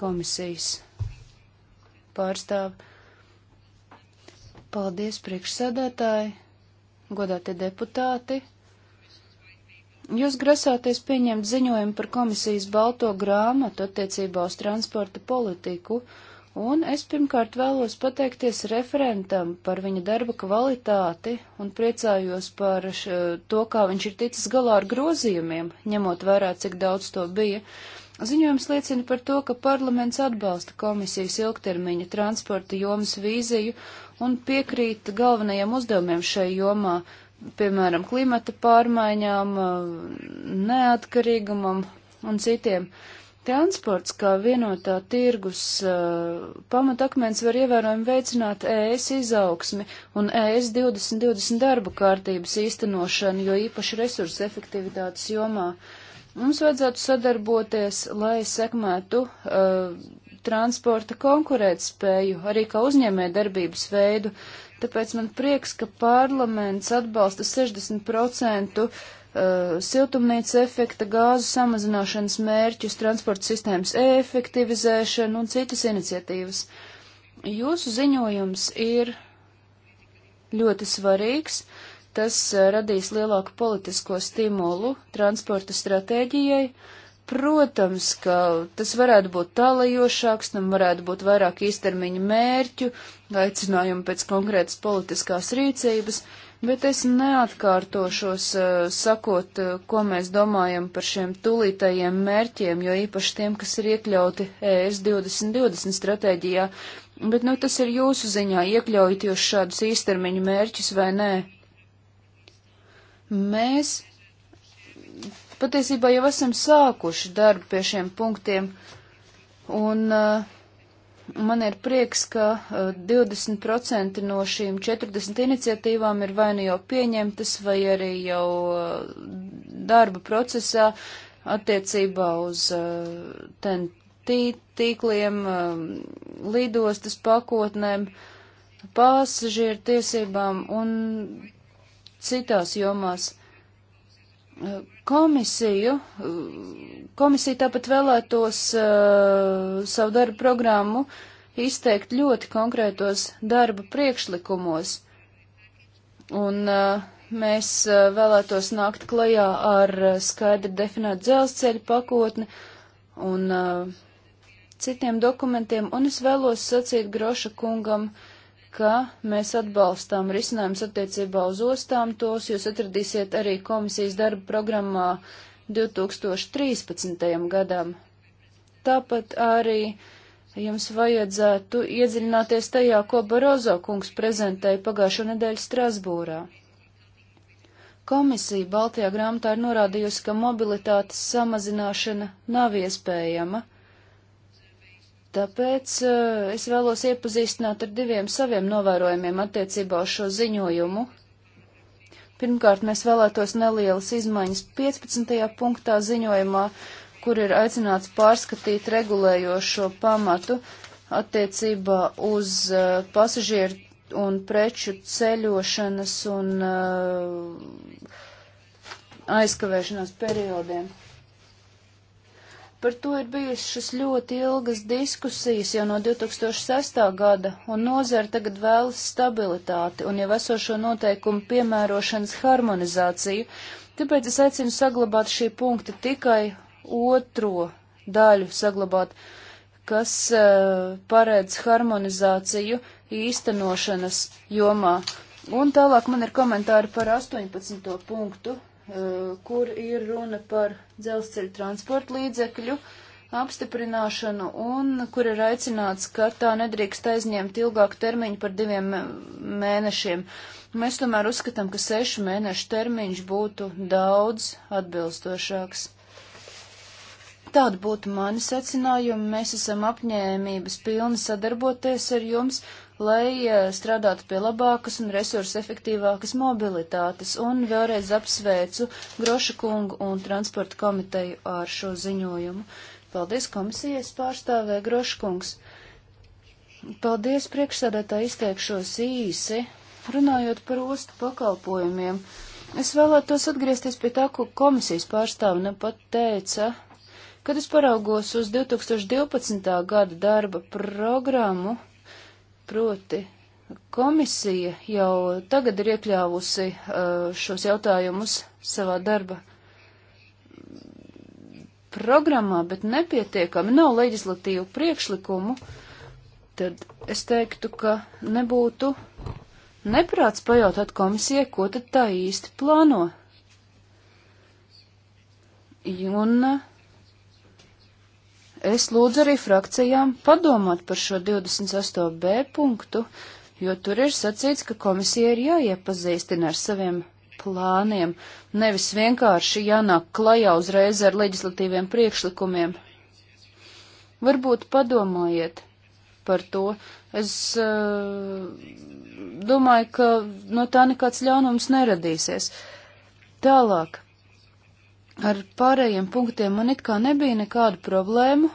komisijas pārstāv. Paldies, priekšsēdētāji, godātie deputāti. Jūs grasāties pieņemt ziņojumu par komisijas balto grāmatu attiecībā uz transporta politiku. Uh, Un es pirmkārt vēlos pateikties referentam par viņa darba kvalitāti un priecājos par š, to, kā viņš ir ticis galā ar grozījumiem, ņemot vērā, cik daudz to bija. Ziņojums liecina par to, ka parlaments atbalsta komisijas ilgtermiņa transporta jomas vīziju un piekrīt galvenajiem uzdevumiem šai jomā, piemēram, klimata pārmaiņām, neatkarīgumam un citiem. Uh, Transports kā vienotā tirgus uh, pamatakmens var ievērojami veicināt ES izaugsmi un e ES 2020 darba kārtības īstenošanu, jo īpaši resursu efektivitātes jomā. Mums vajadzētu sadarboties, lai sekmētu uh, transporta konkurētspēju, arī kā uzņēmē darbības veidu. Tāpēc man prieks, ka parlaments atbalsta 60% Uh, siltumnīca efekta, gāzu samazināšanas mērķus, transporta sistēmas e-efektivizēšanu un citas iniciatīvas. Jūsu ziņojums ir ļoti svarīgs. Tas uh, radīs lielāku politisko stimulu transporta stratēģijai. Protams, ka tas varētu būt tālajošāks, tam varētu būt vairāk īstermiņa mērķu, aicinājumu pēc konkrētas politiskās rīcības, uh, bet es neatkārtošos eh, sakot, eh, ko mēs domājam par šiem tūlītējiem mērķiem, jo īpaši tiem, kas ir iekļauti e ES 2020 stratēģijā, bet nu tas ir jūsu ziņā, iekļaujot jūs šādus īstermiņu mērķus vai nē. Mēs patiesībā jau esam sākuši darbu pie šiem punktiem, un uh, Man ir prieks, ka 20% eh, no šīm 40 iniciatīvām ir vai nu jau pieņemtas, vai arī jau eh, darba procesā attiecībā uz eh, TNT tīkliem, lidostas pakotnēm, pasažieru tiesībām un citās jomās. Komisiju, komisija tāpat vēlētos uh, savu darbu programmu izteikt ļoti konkrētos darba priekšlikumos, un uh, mēs uh, vēlētos nākt klajā ar skaidri definētu dzelzceļa pakotni un citiem dokumentiem, un es vēlos sacīt Groša kungam, uh, ka mēs atbalstām risinājumus attiecībā uz ostām. Tos jūs atradīsiet arī komisijas darba programmā 2013. gadam. Tāpat arī jums vajadzētu iedziļināties tajā, ko Barozo kungs prezentēja pagājušo nedēļu Strasbūrā. Komisija Baltijā grāmatā ir norādījusi, ka mobilitātes samazināšana nav iespējama. Tāpēc eh, es vēlos iepazīstināt ar diviem saviem novērojumiem attiecībā uz šo ziņojumu. Pirmkārt, mēs vēlētos nelielas izmaiņas 15. punktā ziņojumā, kur ir aicināts pārskatīt regulējošo pamatu attiecībā uz eh, pasažieru un preču ceļošanas un eh, aizkavēšanās periodiem. Par to ir bijušas ļoti ilgas diskusijas jau no 2006. gada, un nozara tagad vēlas stabilitāti un jau esošo noteikumu piemērošanas harmonizāciju, tāpēc es aicinu saglabāt šī punkta tikai otro daļu saglabāt, kas uh, paredz harmonizāciju īstenošanas jomā. Un tālāk man ir komentāri par 18. punktu, Eh, kur ir runa par dzelzceļa transporta līdzekļu apstiprināšanu un kur ir aicināts, ka tā nedrīkst aizņemt ilgāku termiņu par diviem mēnešiem. Mēs tomēr uzskatām, ka sešu mēnešu termiņš būtu daudz atbilstošāks. Tāda būtu mani secinājumi. Mēs esam apņēmības pilni sadarboties ar jums lai eh, strādātu pie labākas un resursu efektīvākas mobilitātes. Un vēlreiz apsveicu Groša kungu un transporta komiteju ar šo ziņojumu. Paldies komisijas pārstāvē Groša kungs. Paldies priekšsēdētā izteikšos īsi. Runājot par ostu pakalpojumiem, es vēlētos atgriezties pie tā, ko komisijas pārstāvne pat teica kad es paraugos uz 2012. gada darba programmu, Proti, komisija jau tagad ir iekļāvusi uh, šos jautājumus savā darba programmā, bet nepietiekami nav leģislatīvu priekšlikumu, tad es teiktu, ka nebūtu neprāts pajautāt komisijai, ko tad tā īsti plāno. Un uh, es lūdzu arī frakcijām padomāt par šo 28b punktu, jo tur ir sacīts, ka komisija ir jāiepazīstina ar saviem plāniem, nevis vienkārši jānāk klajā uzreiz ar leģislatīviem priekšlikumiem. Varbūt padomājiet par to. Es uh, domāju, ka no tā nekāds ļaunums neradīsies. Tālāk Ar pārējiem punktiem man it kā nebija nekādu problēmu.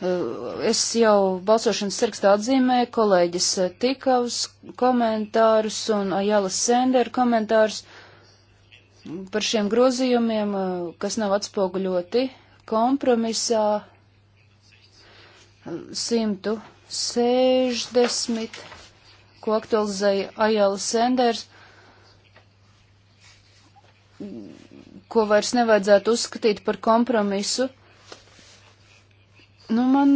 Eh, es jau balsošanas sarakstā atzīmēju kolēģis eh, Tikavs komentārus un Ajālas Sendera komentārus par šiem grozījumiem, eh, kas nav atspoguļoti kompromisā 160, ko aktualizēja Ajālas Senders ko vairs nevajadzētu uzskatīt par kompromisu. Nu, man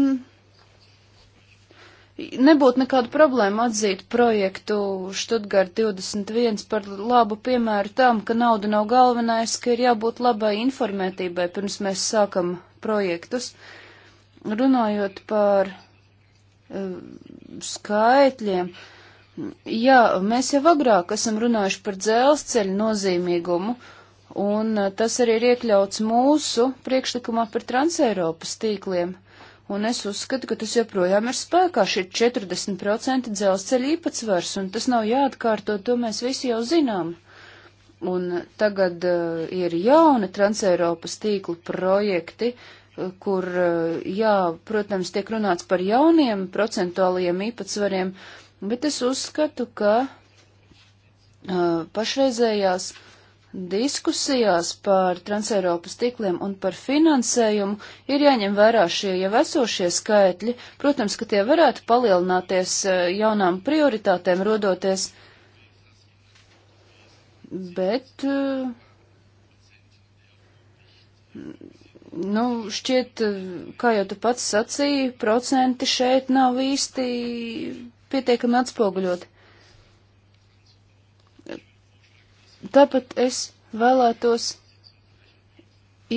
nebūtu nekāda problēma atzīt projektu Študgart 21 par labu piemēru tam, ka nauda nav galvenais, ka ir jābūt labai informētībai pirms mēs sākam projektus. Runājot par uh, skaitļiem, jā, mēs jau agrāk esam runājuši par dzelzceļa nozīmīgumu. Uh, Un eh, tas arī ir iekļauts mūsu priekšlikumā par transeiropas tīkliem. Un es uzskatu, ka tas joprojām ir spēkā. Šī ir 40% dzelzceļa īpatsvars, un tas nav jāatkārto, to mēs visi jau zinām. Un tagad uh, ir jauni transeiropas tīklu projekti, uh, kur, uh, jā, protams, tiek runāts par jauniem procentuālajiem īpatsvariem, bet es uzskatu, ka uh, pašreizējās uh, diskusijās par transeiropas tikliem un par finansējumu ir jāņem vērā šie jau esošie skaitļi. Protams, ka tie varētu palielināties e, jaunām prioritātēm rodoties, bet, e, nu, šķiet, e, kā jau tu pats sacīji, procenti šeit nav īsti pietiekami atspoguļoti. Tāpat es vēlētos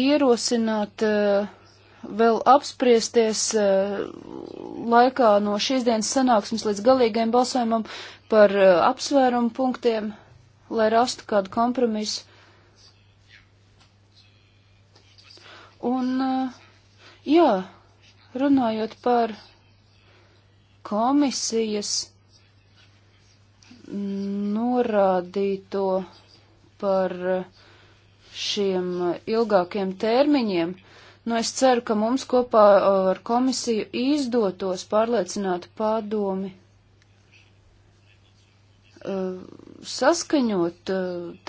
ierosināt uh, vēl apspriesties uh, laikā no šīs dienas sanāksmes līdz galīgajam balsojumam par uh, apsvērumu punktiem, lai rastu kādu kompromisu. Un, jā, runājot par komisijas norādīto. to par eh, šiem ilgākiem termiņiem. Nu, es ceru, ka mums kopā eh, ar komisiju izdotos pārliecināt padomi eh, saskaņot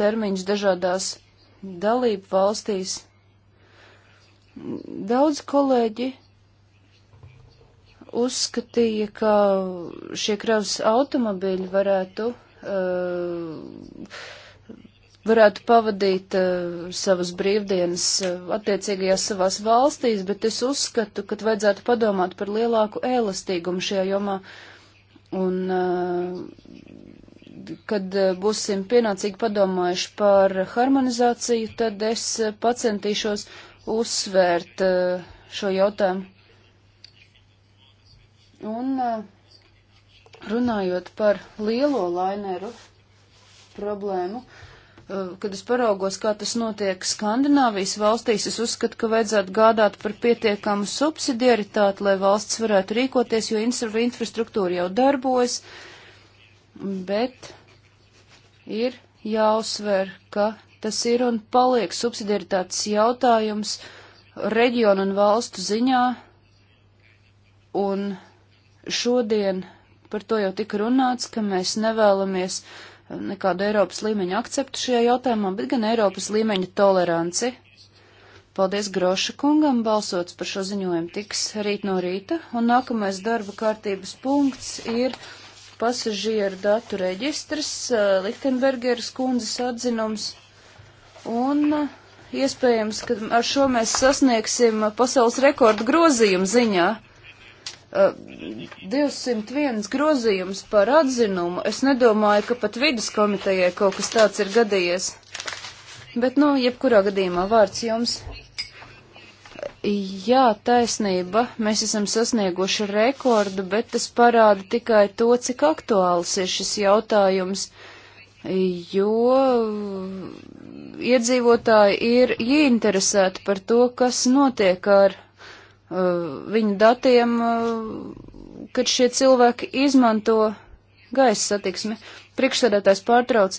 termiņus dažādās dalību valstīs. Daudz kolēģi uzskatīja, ka šie kravas automobīļi varētu uh, varētu pavadīt uh, savas brīvdienas uh, attiecīgajās savās valstīs, bet es uzskatu, ka vajadzētu padomāt par lielāku elastīgumu šajā jomā. Un, uh, kad uh, būsim pienācīgi padomājuši par harmonizāciju, tad es uh, pacentīšos uzsvērt uh, šo jautājumu. Un uh, runājot par lielo laineru problēmu, uh, Eh, kad es paraugos, kā tas notiek Skandināvijas valstīs, es uzskatu, ka vajadzētu gādāt par pietiekamu subsidiaritāti, lai valsts varētu rīkoties, jo infrastruktūra jau darbojas, bet ir jāuzsver, ka tas ir un paliek subsidiaritātes jautājums reģionu un valstu ziņā, un šodien par to jau tika runāts, ka mēs nevēlamies uh, nekādu Eiropas līmeņa akceptu šajā jautājumā, bet gan Eiropas līmeņa toleranci. Paldies Groša kungam, balsots par šo ziņojumu tiks rīt no rīta, un nākamais darba kārtības punkts ir pasažieru datu reģistrs, Lichtenbergeras kundzes atzinums, un iespējams, ka ar šo mēs sasniegsim pasaules rekordu grozījumu ziņā. 201 grozījums par atzinumu. Es nedomāju, ka pat vidas komitejai kaut kas tāds ir gadījies. Bet, nu, jebkurā gadījumā vārds jums. Jā, taisnība, mēs esam sasnieguši rekordu, bet tas parāda tikai to, cik aktuāls ir šis jautājums, jo iedzīvotāji ir ieinteresēti par to, kas notiek ar Eh, viņu datiem, eh, kad šie cilvēki izmanto gaisa satiksmi. Priekšsēdētājs pārtrauc.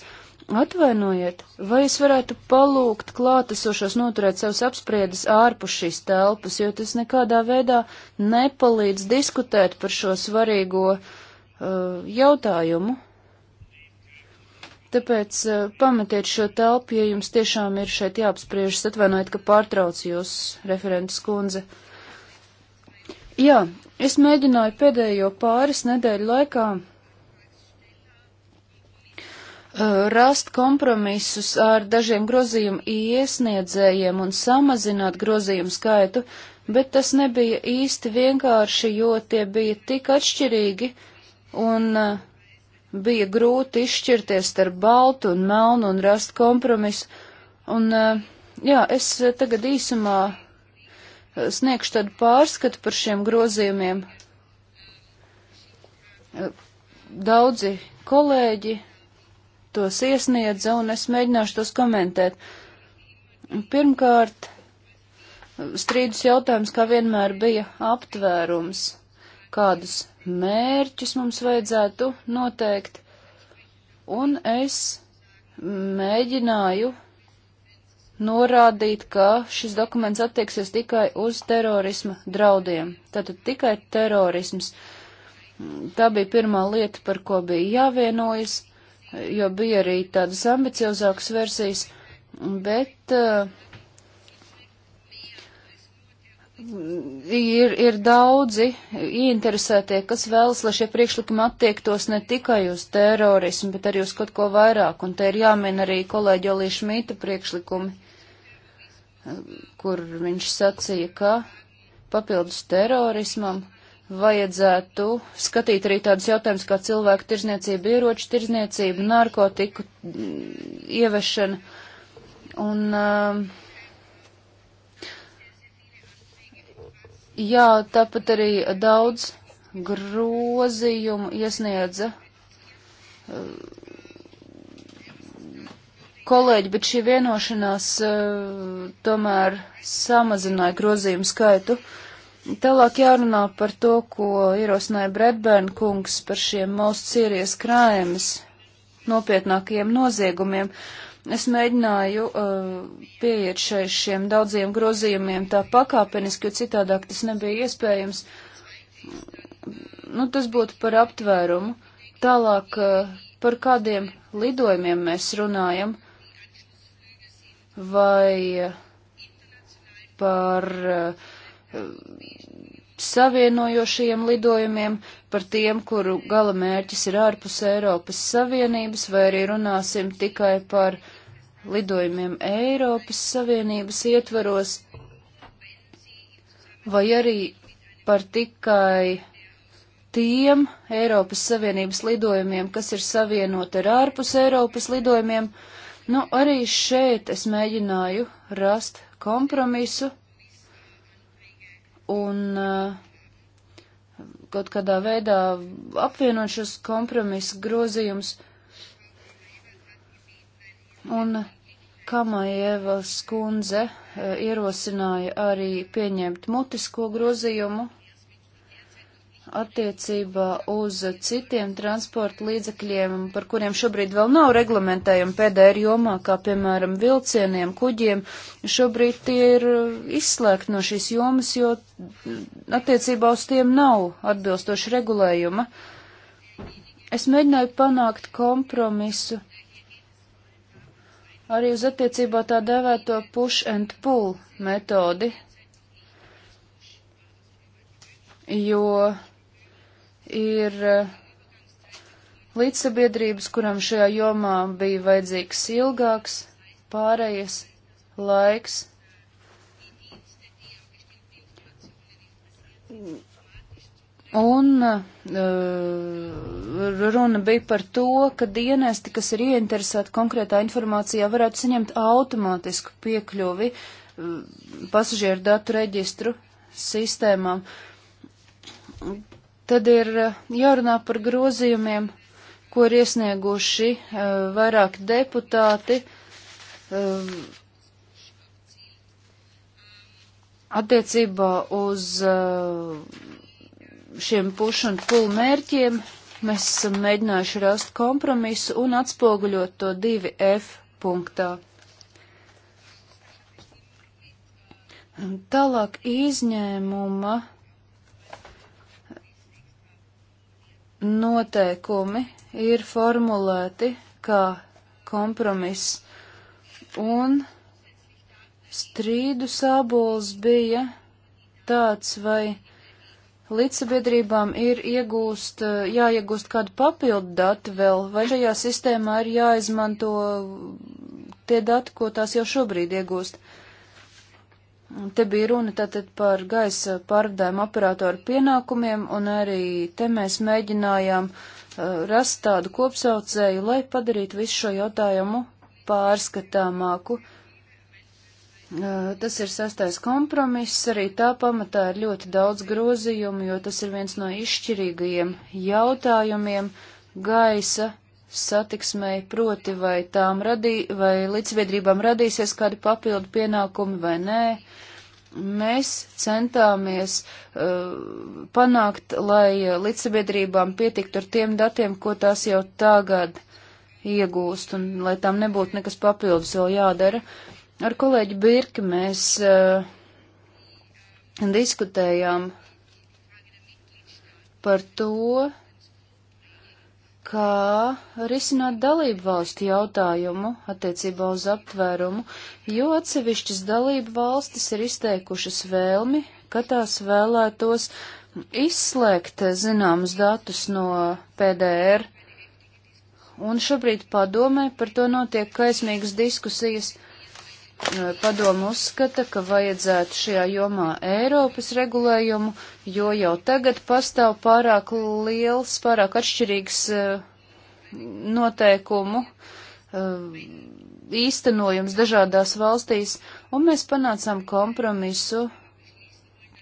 Atvainojiet, vai es varētu palūgt klātesošos noturēt savus apspriedes ārpus šīs telpas, jo tas nekādā veidā nepalīdz diskutēt par šo svarīgo uh, jautājumu. Tāpēc uh, pametiet šo telpu, ja jums tiešām ir šeit jāapspriežas. Atvainojiet, ka pārtraucu jūs, referents kundze. Uh, Jā, es mēģināju pēdējo pāris nedēļu laikā uh, rast kompromisus ar dažiem grozījumu iesniedzējiem un samazināt grozījumu skaitu, bet tas nebija īsti vienkārši, jo tie bija tik atšķirīgi un uh, bija grūti izšķirties starp baltu un melnu un rast kompromisu. Un, uh, jā, es tagad īsumā sniegšu tad pārskatu par šiem grozījumiem. Daudzi kolēģi tos iesniedza, un es mēģināšu tos komentēt. Pirmkārt, strīdus jautājums, kā vienmēr bija aptvērums, kādus mērķus mums vajadzētu noteikt, un es mēģināju norādīt, ka šis dokuments attieksies tikai uz terorisma draudiem. Tātad tikai terorisms. Tā bija pirmā lieta, par ko bija jāvienojas, jo bija arī tādas ambiciozākas versijas, bet uh, ir, ir daudzi ieinteresētie, kas vēlas, lai šie priekšlikumi attiektos ne tikai uz terorismu, bet arī uz kaut ko vairāk, un te ir jāmin arī kolēģi Olīša Mīta priekšlikumi kur viņš sacīja, ka papildus terorismam vajadzētu skatīt arī tādus jautājumus kā cilvēku tirzniecība, ieroču tirzniecība, narkotiku mm, ievešana. Un um, jā, tāpat arī daudz grozījumu iesniedza uh, kolēģi, bet šī vienošanās uh, tomēr samazināja grozījumu skaitu. Tālāk jārunā par to, ko ierosināja Bredbērn kungs par šiem most sīrijas krājumus nopietnākajiem noziegumiem. Es mēģināju uh, pieiet šai šiem daudziem grozījumiem tā pakāpeniski, jo citādāk tas nebija iespējams. Nu, tas būtu par aptvērumu. Tālāk uh, par kādiem lidojumiem mēs runājam vai par eh, savienojošiem lidojumiem, par tiem, kuru gala mērķis ir ārpus Eiropas Savienības, vai arī runāsim tikai par lidojumiem Eiropas Savienības ietvaros, vai arī par tikai tiem Eiropas Savienības lidojumiem, kas ir savienoti ar ārpus Eiropas lidojumiem, uh, Nu, arī šeit es mēģināju rast kompromisu un eh, kaut kādā veidā apvienot šos kompromisu grozījumus. Un Kamaievas kundze eh, ierosināja arī pieņemt mutisko grozījumu, attiecībā uz citiem transporta līdzekļiem, par kuriem šobrīd vēl nav reglamentējumi PDR jomā, kā piemēram vilcieniem, kuģiem, šobrīd tie ir izslēgti no šīs jomas, jo attiecībā uz tiem nav atbilstoši regulējuma. Es mēģināju panākt kompromisu arī uz attiecībā tā dēvēto push and pull metodi, jo ir eh, līdzsabiedrības, kuram šajā jomā bija vajadzīgs ilgāks pārējas laiks. Un uh, runa bija par to, ka dienesti, kas ir ieinteresēti konkrētā informācijā, varētu saņemt automātisku piekļuvi uh, pasažieru datu reģistru sistēmām Tad ir eh, jārunā par grozījumiem, ko ir iesnieguši uh, eh, vairāki deputāti uh, attiecībā uz uh, šiem pušu un pulu mērķiem. Mēs esam mēģinājuši rast kompromisu un atspoguļot to 2F punktā. Tālāk izņēmuma noteikumi ir formulēti kā kompromiss, un strīdu sābols bija tāds, vai līdzsabiedrībām ir iegūst, jāiegūst kādu papildu datu vēl, vai šajā sistēmā ir jāizmanto tie dati, ko tās jau šobrīd iegūst. Uh, Te bija runa tātad par gaisa pārvadājumu operatoru pienākumiem, un arī te mēs mēģinājām uh, rast tādu kopsaucēju, lai padarītu visu šo jautājumu pārskatāmāku. Uh, tas ir sastais kompromiss, arī tā pamatā ir ļoti daudz grozījumu, jo tas ir viens no izšķirīgajiem jautājumiem gaisa satiksmei, proti vai tām radī, vai līdzsaviedrībām radīsies kādi papildu pienākumi vai nē. Mēs centāmies uh, panākt, lai uh, līdzsaviedrībām pietiktu ar tiem datiem, ko tās jau tagad iegūst, un lai tam nebūtu nekas papildus vēl jādara. Ar kolēģi Birki mēs uh, diskutējām par to, kā risināt dalību valstu jautājumu attiecībā uz aptvērumu, jo atsevišķas dalību valstis ir izteikušas vēlmi, ka tās vēlētos izslēgt zināmus datus no PDR, un šobrīd padomē par to notiek kaismīgas diskusijas. Uh, padomu uzskata, ka vajadzētu šajā jomā Eiropas regulējumu, jo jau tagad pastāv pārāk liels, pārāk atšķirīgs uh, noteikumu uh, īstenojums dažādās valstīs, un mēs panācām kompromisu,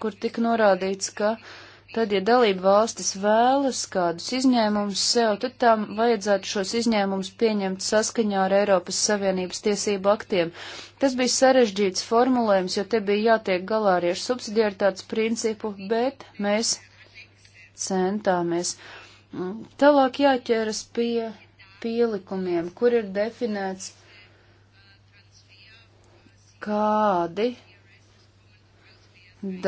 kur tika norādīts, ka uh, tad, ja dalība valstis vēlas kādus izņēmumus sev, tad tām vajadzētu šos izņēmumus pieņemt saskaņā ar Eiropas Savienības tiesību aktiem. Tas bija sarežģīts formulējums, jo te bija jātiek galā arī ar subsidiaritātes principu, bet mēs centāmies. Mm, tālāk jāķeras pie pielikumiem, kur ir definēts, kādi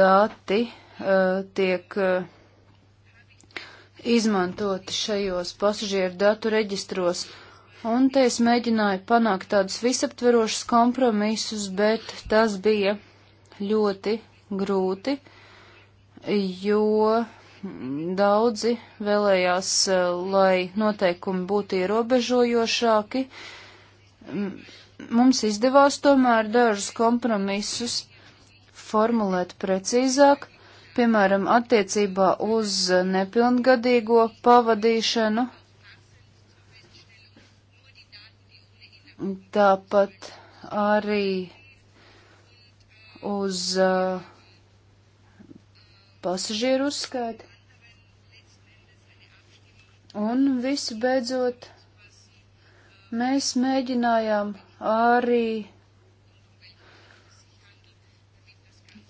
dati Eh, tiek eh, izmantoti šajos pasažieru datu reģistros. Un te es mēģināju panākt tādus visaptverošus kompromisus, bet tas bija ļoti grūti, jo daudzi vēlējās, eh, lai noteikumi būtu ierobežojošāki. Mums izdevās tomēr dažus kompromisus formulēt precīzāk Piemēram, attiecībā uz nepilngadīgo pavadīšanu. Tāpat arī uz uh, pasažieru uzskaiti. Un visu beidzot, mēs mēģinājām arī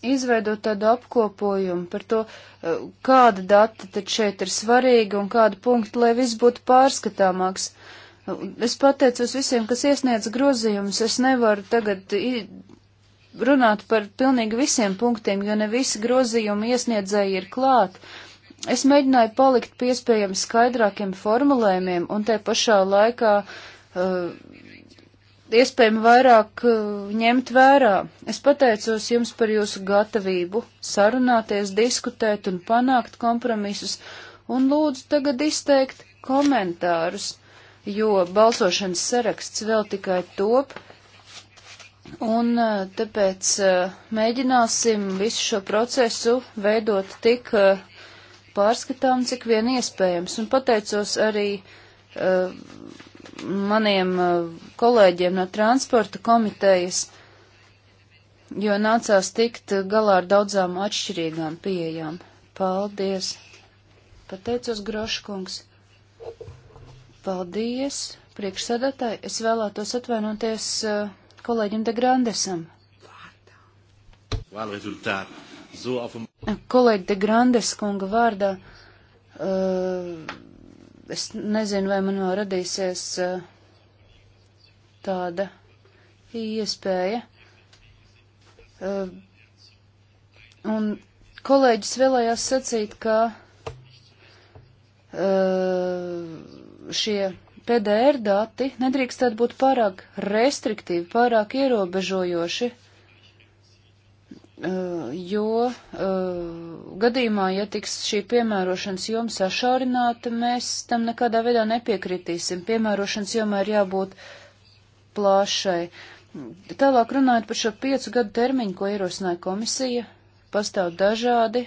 izveidot tādu apkopojumu par to, eh, kāda data tad šeit ir svarīga un kāda punkta, lai viss būtu pārskatāmāks. Eh, es pateicos visiem, kas iesniedz grozījumus. Es nevaru tagad runāt par pilnīgi visiem punktiem, jo ne visi grozījumi iesniedzēji ir klāt. Es mēģināju palikt piespējami skaidrākiem formulējumiem un te pašā laikā uh, iespējami vairāk uh, ņemt vērā. Es pateicos jums par jūsu gatavību sarunāties, diskutēt un panākt kompromisus, un lūdzu tagad izteikt komentārus, jo balsošanas saraksts vēl tikai top, un uh, tāpēc uh, mēģināsim visu šo procesu veidot tik pārskatām, cik vien iespējams, un pateicos arī uh, maniem uh, kolēģiem no transporta komitejas, jo nācās tikt galā ar daudzām atšķirīgām pieejām. Paldies! Pateicos, Groškungs! Paldies! Priekšsēdētāji, es vēlētos atvainoties uh, kolēģim De Grandesam. Kolēģi De Grandes kunga vārdā. Uh, Es nezinu, vai man vēl radīsies eh, tāda iespēja. Eh, un kolēģis vēlējās sacīt, ka eh, šie PDR dati nedrīkstētu būt pārāk restriktīvi, pārāk ierobežojoši. Eh, jo eh, gadījumā, ja tiks šī piemērošanas joma sašaurināta, mēs tam nekādā veidā nepiekritīsim. Piemērošanas jomā ir jābūt plašai. Tālāk runājot par šo piecu gadu termiņu, ko ierosināja komisija, pastāv dažādi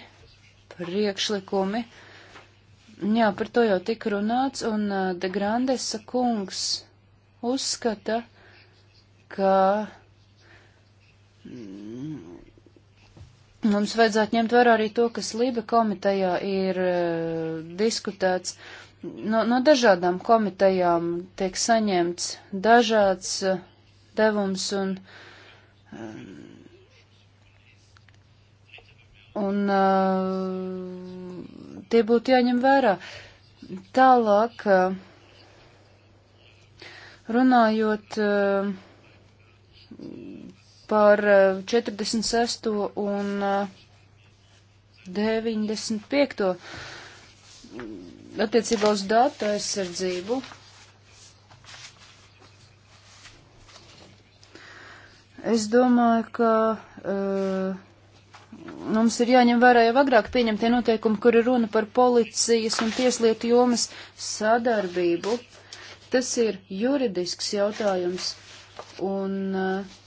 priekšlikumi. Jā, par to jau tika runāts, un eh, De Grandesa kungs uzskata, ka mm, Mums vajadzētu ņemt vērā arī to, kas Lība komitejā ir e, diskutēts. No, no dažādām komitejām tiek saņemts dažāds e, devums un, e, un tie būtu jāņem vērā. Tālāk, runājot par 46. Eh, un 95. Eh, attiecībā uz datu aizsardzību. Es domāju, ka uh, mums ir jāņem vērā jau agrāk pieņemtie noteikumi, kur ir runa par policijas un tieslietu jomas sadarbību. Tas ir juridisks jautājums, un uh,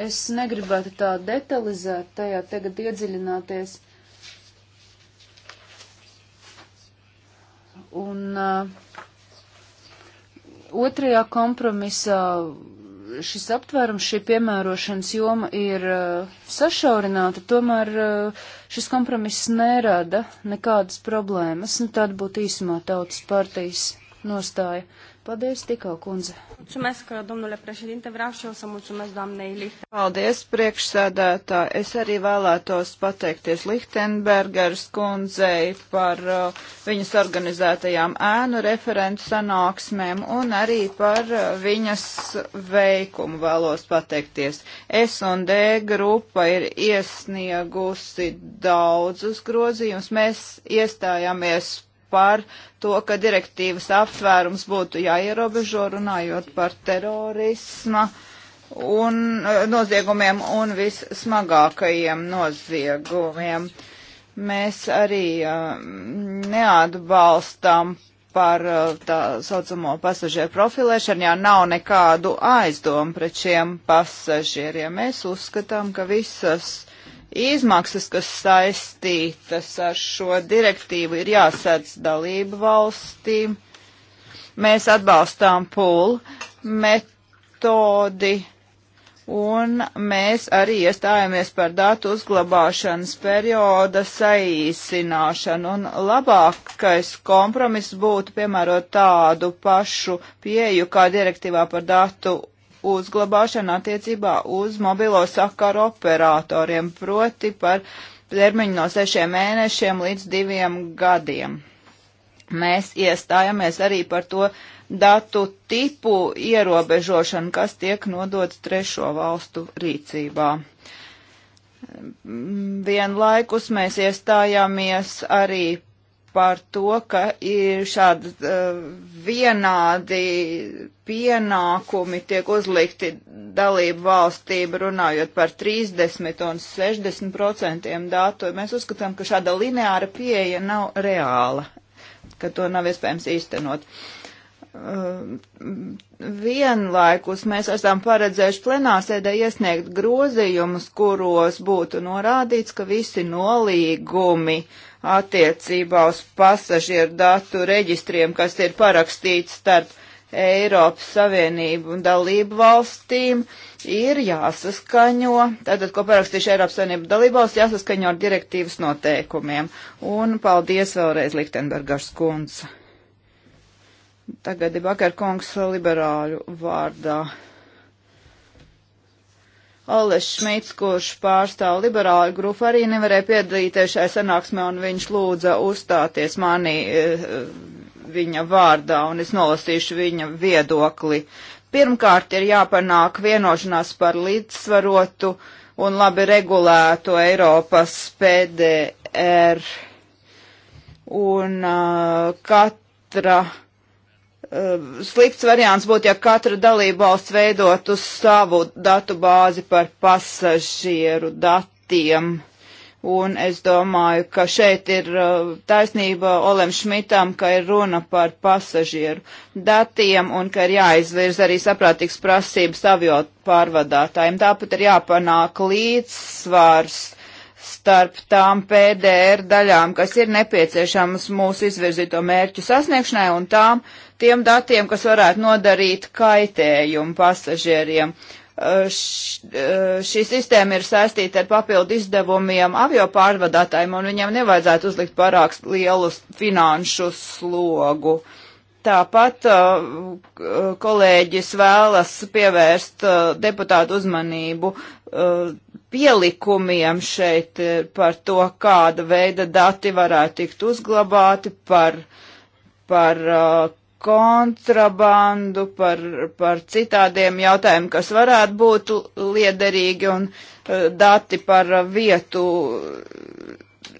Es negribētu tā detalizēt tajā tagad iedziļināties. Un uh, otrajā kompromisā šis aptvērums, šī piemērošanas joma ir uh, sašaurināta, tomēr uh, šis kompromiss nerada nekādas problēmas, un nu, tāda būtu īsumā tautas partijas nostāja. Uh, Paldies, tikko, kundze. Mulțumesc, domnule președinte, vreau și eu să mulțumesc doamnei Lichtenberger. Paldies, priekšsēdētā. Es arī vēlētos pateikties Lichtenbergers kundzei par uh, viņas organizētajām ēnu referentu sanāksmēm un arī par uh, viņas veikumu vēlos pateikties. S un D grupa ir iesniegusi daudzus grozījumus. Mēs iestājāmies par to, ka direktīvas aptvērums būtu jāierobežo runājot par terorisma un e, noziegumiem un vissmagākajiem noziegumiem. Mēs arī uh, neatbalstam par e, tā saucamo pasažieru profilēšanu, jā, nav nekādu aizdomu pret šiem pasažieriem. Mēs uzskatām, ka visas Izmaksas, kas saistītas ar šo direktīvu, ir jāsēdz dalību valstīm. Mēs atbalstām pūlu metodi un mēs arī iestājāmies par datu uzglabāšanas perioda saīsināšanu. Un labākais kompromiss būtu piemērot tādu pašu pieju kā direktīvā par datu uzglabāšanu attiecībā uz mobilo sakaru operatoriem, proti par termiņu no sešiem mēnešiem līdz diviem gadiem. Mēs iestājamies arī par to datu tipu ierobežošanu, kas tiek nodots trešo valstu rīcībā. Vienlaikus mēs iestājāmies arī par to, ka ir šādi uh, vienādi pienākumi tiek uzlikti dalību valstīm, runājot par 30 un 60 procentiem datu. Mēs uzskatām, ka šāda lineāra pieeja nav reāla, ka to nav iespējams īstenot. Uh, vienlaikus mēs esam paredzējuši plenārsēdē iesniegt grozījumus, kuros būtu norādīts, ka visi nolīgumi uh, attiecībā uz pasažieru datu reģistriem, kas ir parakstīts starp Eiropas Savienību un dalību valstīm, ir jāsaskaņo, tātad, ko parakstīšu Eiropas Savienību dalību valsts, jāsaskaņo ar direktīvas noteikumiem. Un paldies vēlreiz Liktenbergars kundze. Tagad ir Bakar kungs liberāļu vārdā. Oles Šmits, kurš pārstāv liberālu grupu, arī nevarēja piedalīties šai sanāksmē, un viņš lūdza uzstāties manī eh, viņa vārdā, un es nolasīšu viņa viedokli. Pirmkārt, ir jāpanāk vienošanās par līdzsvarotu un labi regulētu Eiropas PDR, un uh, katra Eh, slikts variants būtu, ja katra dalībvalsts veidotu savu datu bāzi par pasažieru datiem. Un es domāju, ka šeit ir eh, taisnība Olem Šmitam, ka ir runa par pasažieru datiem un ka ir jāizvirz arī saprātīgs prasības avio pārvadātājiem. Tāpat ir jāpanāk līdzsvars starp tām PDR daļām, kas ir nepieciešamas mūsu izvirzīto mērķu sasniegšanai un tām, uh, tiem datiem, kas varētu nodarīt kaitējumu pasažieriem. Š, šī sistēma ir saistīta ar papildu izdevumiem avio pārvadātājiem, un viņam nevajadzētu uzlikt pārāk lielu finanšu slogu. Tāpat kolēģis vēlas pievērst deputātu uzmanību pielikumiem šeit par to, kāda veida dati varētu tikt uzglabāti, par, par kontrabandu, par, par citādiem jautājumiem, kas varētu būt liederīgi un e, dati par vietu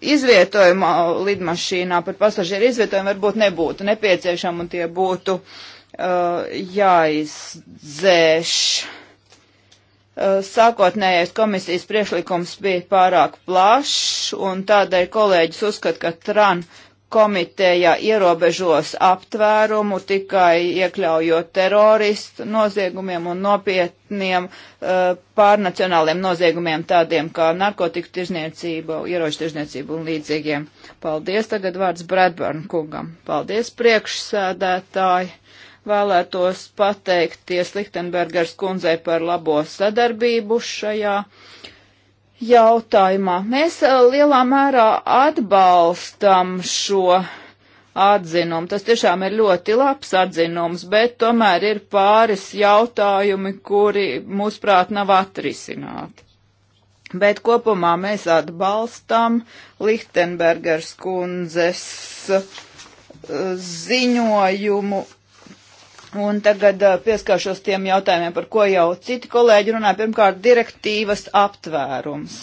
izvietojumā lidmašīnā, par pasažieru izvietojumu varbūt nebūtu nepieciešami un tie būtu uh, jāizdzēš. Uh, Sākotnējais komisijas priešlikums bija pārāk plašs, un tādēļ kolēģis uzskata, ka TRAN komiteja ierobežos aptvērumu tikai iekļaujot teroristu noziegumiem un nopietniem uh, pārnacionāliem noziegumiem tādiem kā narkotiku tirzniecība, ieroču tirzniecība un līdzīgiem. Paldies, tagad vārds Bradburn kungam. Paldies, priekšsēdētāji. Vēlētos pateikties Lichtenbergers kundzei par labo sadarbību šajā uh, jautājumā. Mēs lielā mērā atbalstam šo atzinumu. Tas tiešām ir ļoti labs atzinums, bet tomēr ir pāris jautājumi, kuri, mūsuprāt, nav atrisināti. Bet kopumā mēs atbalstam Lichtenbergers kundzes ziņojumu Un tagad uh, pieskāršos tiem jautājumiem, par ko jau citi kolēģi runāja. Pirmkārt, direktīvas aptvērums.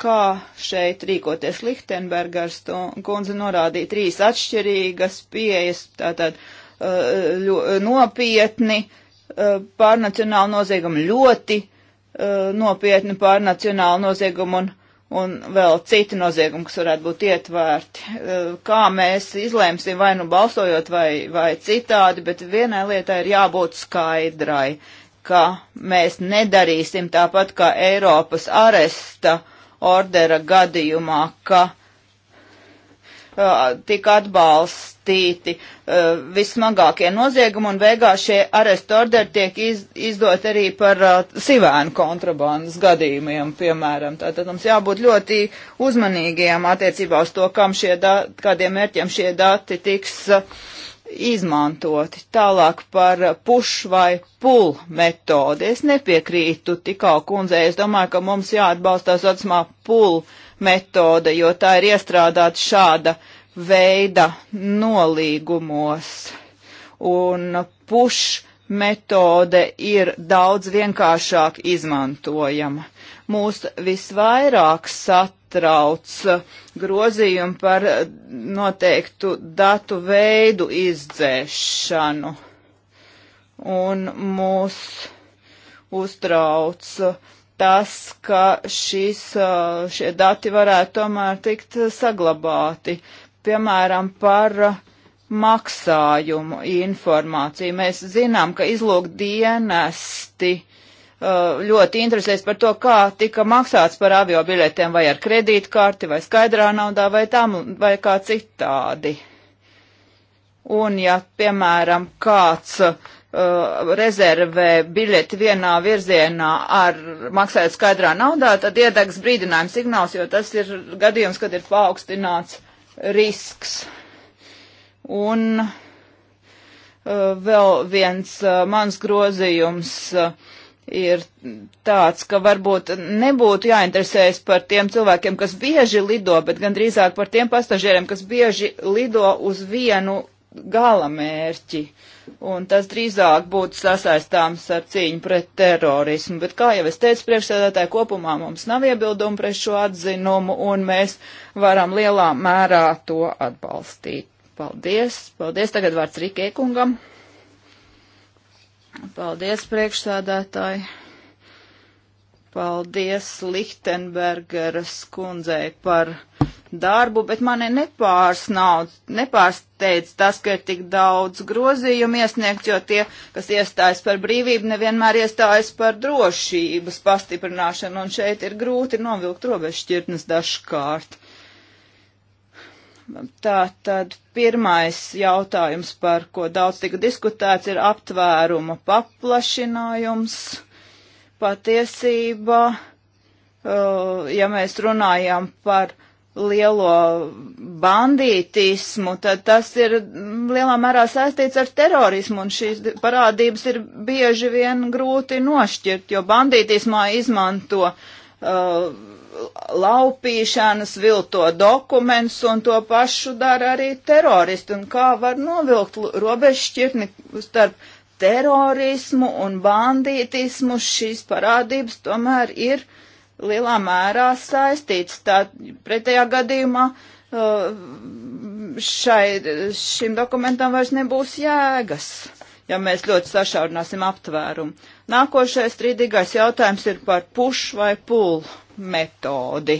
Kā šeit rīkoties Lichtenbergers kundze norādīja trīs atšķirīgas pieejas, tātad uh, ļo, nopietni uh, pārnacionāli noziegumi, ļoti nopietni pārnacionāli noziegumi un un vēl citi noziegumi, kas varētu būt ietvērti. E, kā mēs izlēmsim, vai nu balsojot, vai, vai citādi, bet vienai lietai ir jābūt skaidrai, ka mēs nedarīsim tāpat kā Eiropas aresta ordera gadījumā, ka uh, tika atbalstīti uh, vismagākie noziegumi, un beigās šie arestu orderi tiek iz, izdot arī par uh, sivēnu kontrabandas gadījumiem, piemēram. Tātad mums jābūt ļoti uzmanīgiem attiecībā uz to, kam šie dati, kādiem mērķiem šie dati tiks uh, izmantoti. Tālāk par puš vai pul metodi. Es nepiekrītu tikā kundzei. Es domāju, ka mums jāatbalstās atsmā pul metodi metode, jo tā ir iestrādāta šāda veida nolīgumos. Un puš metode ir daudz vienkāršāk izmantojama. Mūs visvairāk satrauc grozījumi par noteiktu datu veidu izdzēšanu. Un mūs uztrauc uh, tas, ka šis, uh, šie dati varētu tomēr tikt saglabāti, piemēram, par maksājumu informāciju. Mēs zinām, ka izlūk dienesti uh, ļoti interesēs par to, kā tika maksāts par avio biļetēm, vai ar kredītkarti, vai skaidrā naudā, vai tam, vai kā citādi. Un ja, piemēram, kāds uh, uh, rezervē biļeti vienā virzienā ar maksājot skaidrā naudā, tad iedegs brīdinājums signāls, jo tas ir gadījums, kad ir paaugstināts risks. Un uh, vēl viens uh, mans grozījums uh, ir tāds, ka varbūt nebūtu jāinteresējas par tiem cilvēkiem, kas bieži lido, bet gan drīzāk par tiem pasažieriem, kas bieži lido uz vienu galamērķi. Uh, un tas drīzāk būtu sasaistāms ar cīņu pret terorismu. Bet, kā jau es teicu, priekšsēdētāji kopumā mums nav iebildumu pret šo atzinumu, un mēs varam lielā mērā to atbalstīt. Paldies! Paldies! Tagad vārds Rikēkungam. Paldies, priekšsēdētāji! Paldies Lichtenbergeras kundzei par darbu, bet mani nepārsteidz tas, ka ir tik daudz grozījumu iesniegt, jo tie, kas iestājas par brīvību, nevienmēr iestājas par drošības pastiprināšanu, un šeit ir grūti novilkt robežšķirtnes dažkārt. Tā tad pirmais jautājums, par ko daudz tika diskutēts, ir aptvēruma paplašinājums. Patiesība, uh, ja mēs runājam par lielo bandītismu, tad tas ir lielā mērā saistīts ar terorismu, un šīs parādības ir bieži vien grūti nošķirt, jo bandītismā izmanto uh, laupīšanas, vilto dokumentus, un to pašu dara arī teroristi. Un kā var novilkt robežšķirtni starp terorismu un bandītismu, šīs parādības tomēr ir uh, lielā mērā saistīts. Tā pretējā gadījumā uh, šai, šim dokumentam vairs nebūs jēgas, ja mēs ļoti sašaurināsim aptvērumu. Nākošais strīdīgais jautājums ir par puš vai pul metodi.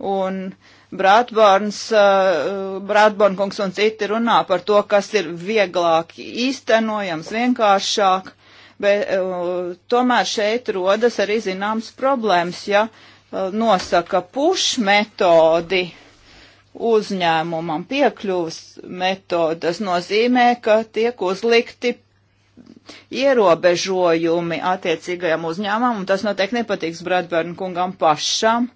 Un Brātborns, uh, Brātborn kungs un citi runā par to, kas ir vieglāk īstenojams, vienkāršāk bet uh, e, tomēr šeit rodas arī zināms problēmas, ja uh, nosaka puš metodi uzņēmumam piekļuvas metodas nozīmē, ka tiek uzlikti ierobežojumi attiecīgajam uzņēmumam, un tas noteikti nepatiks Bradburn kungam pašam.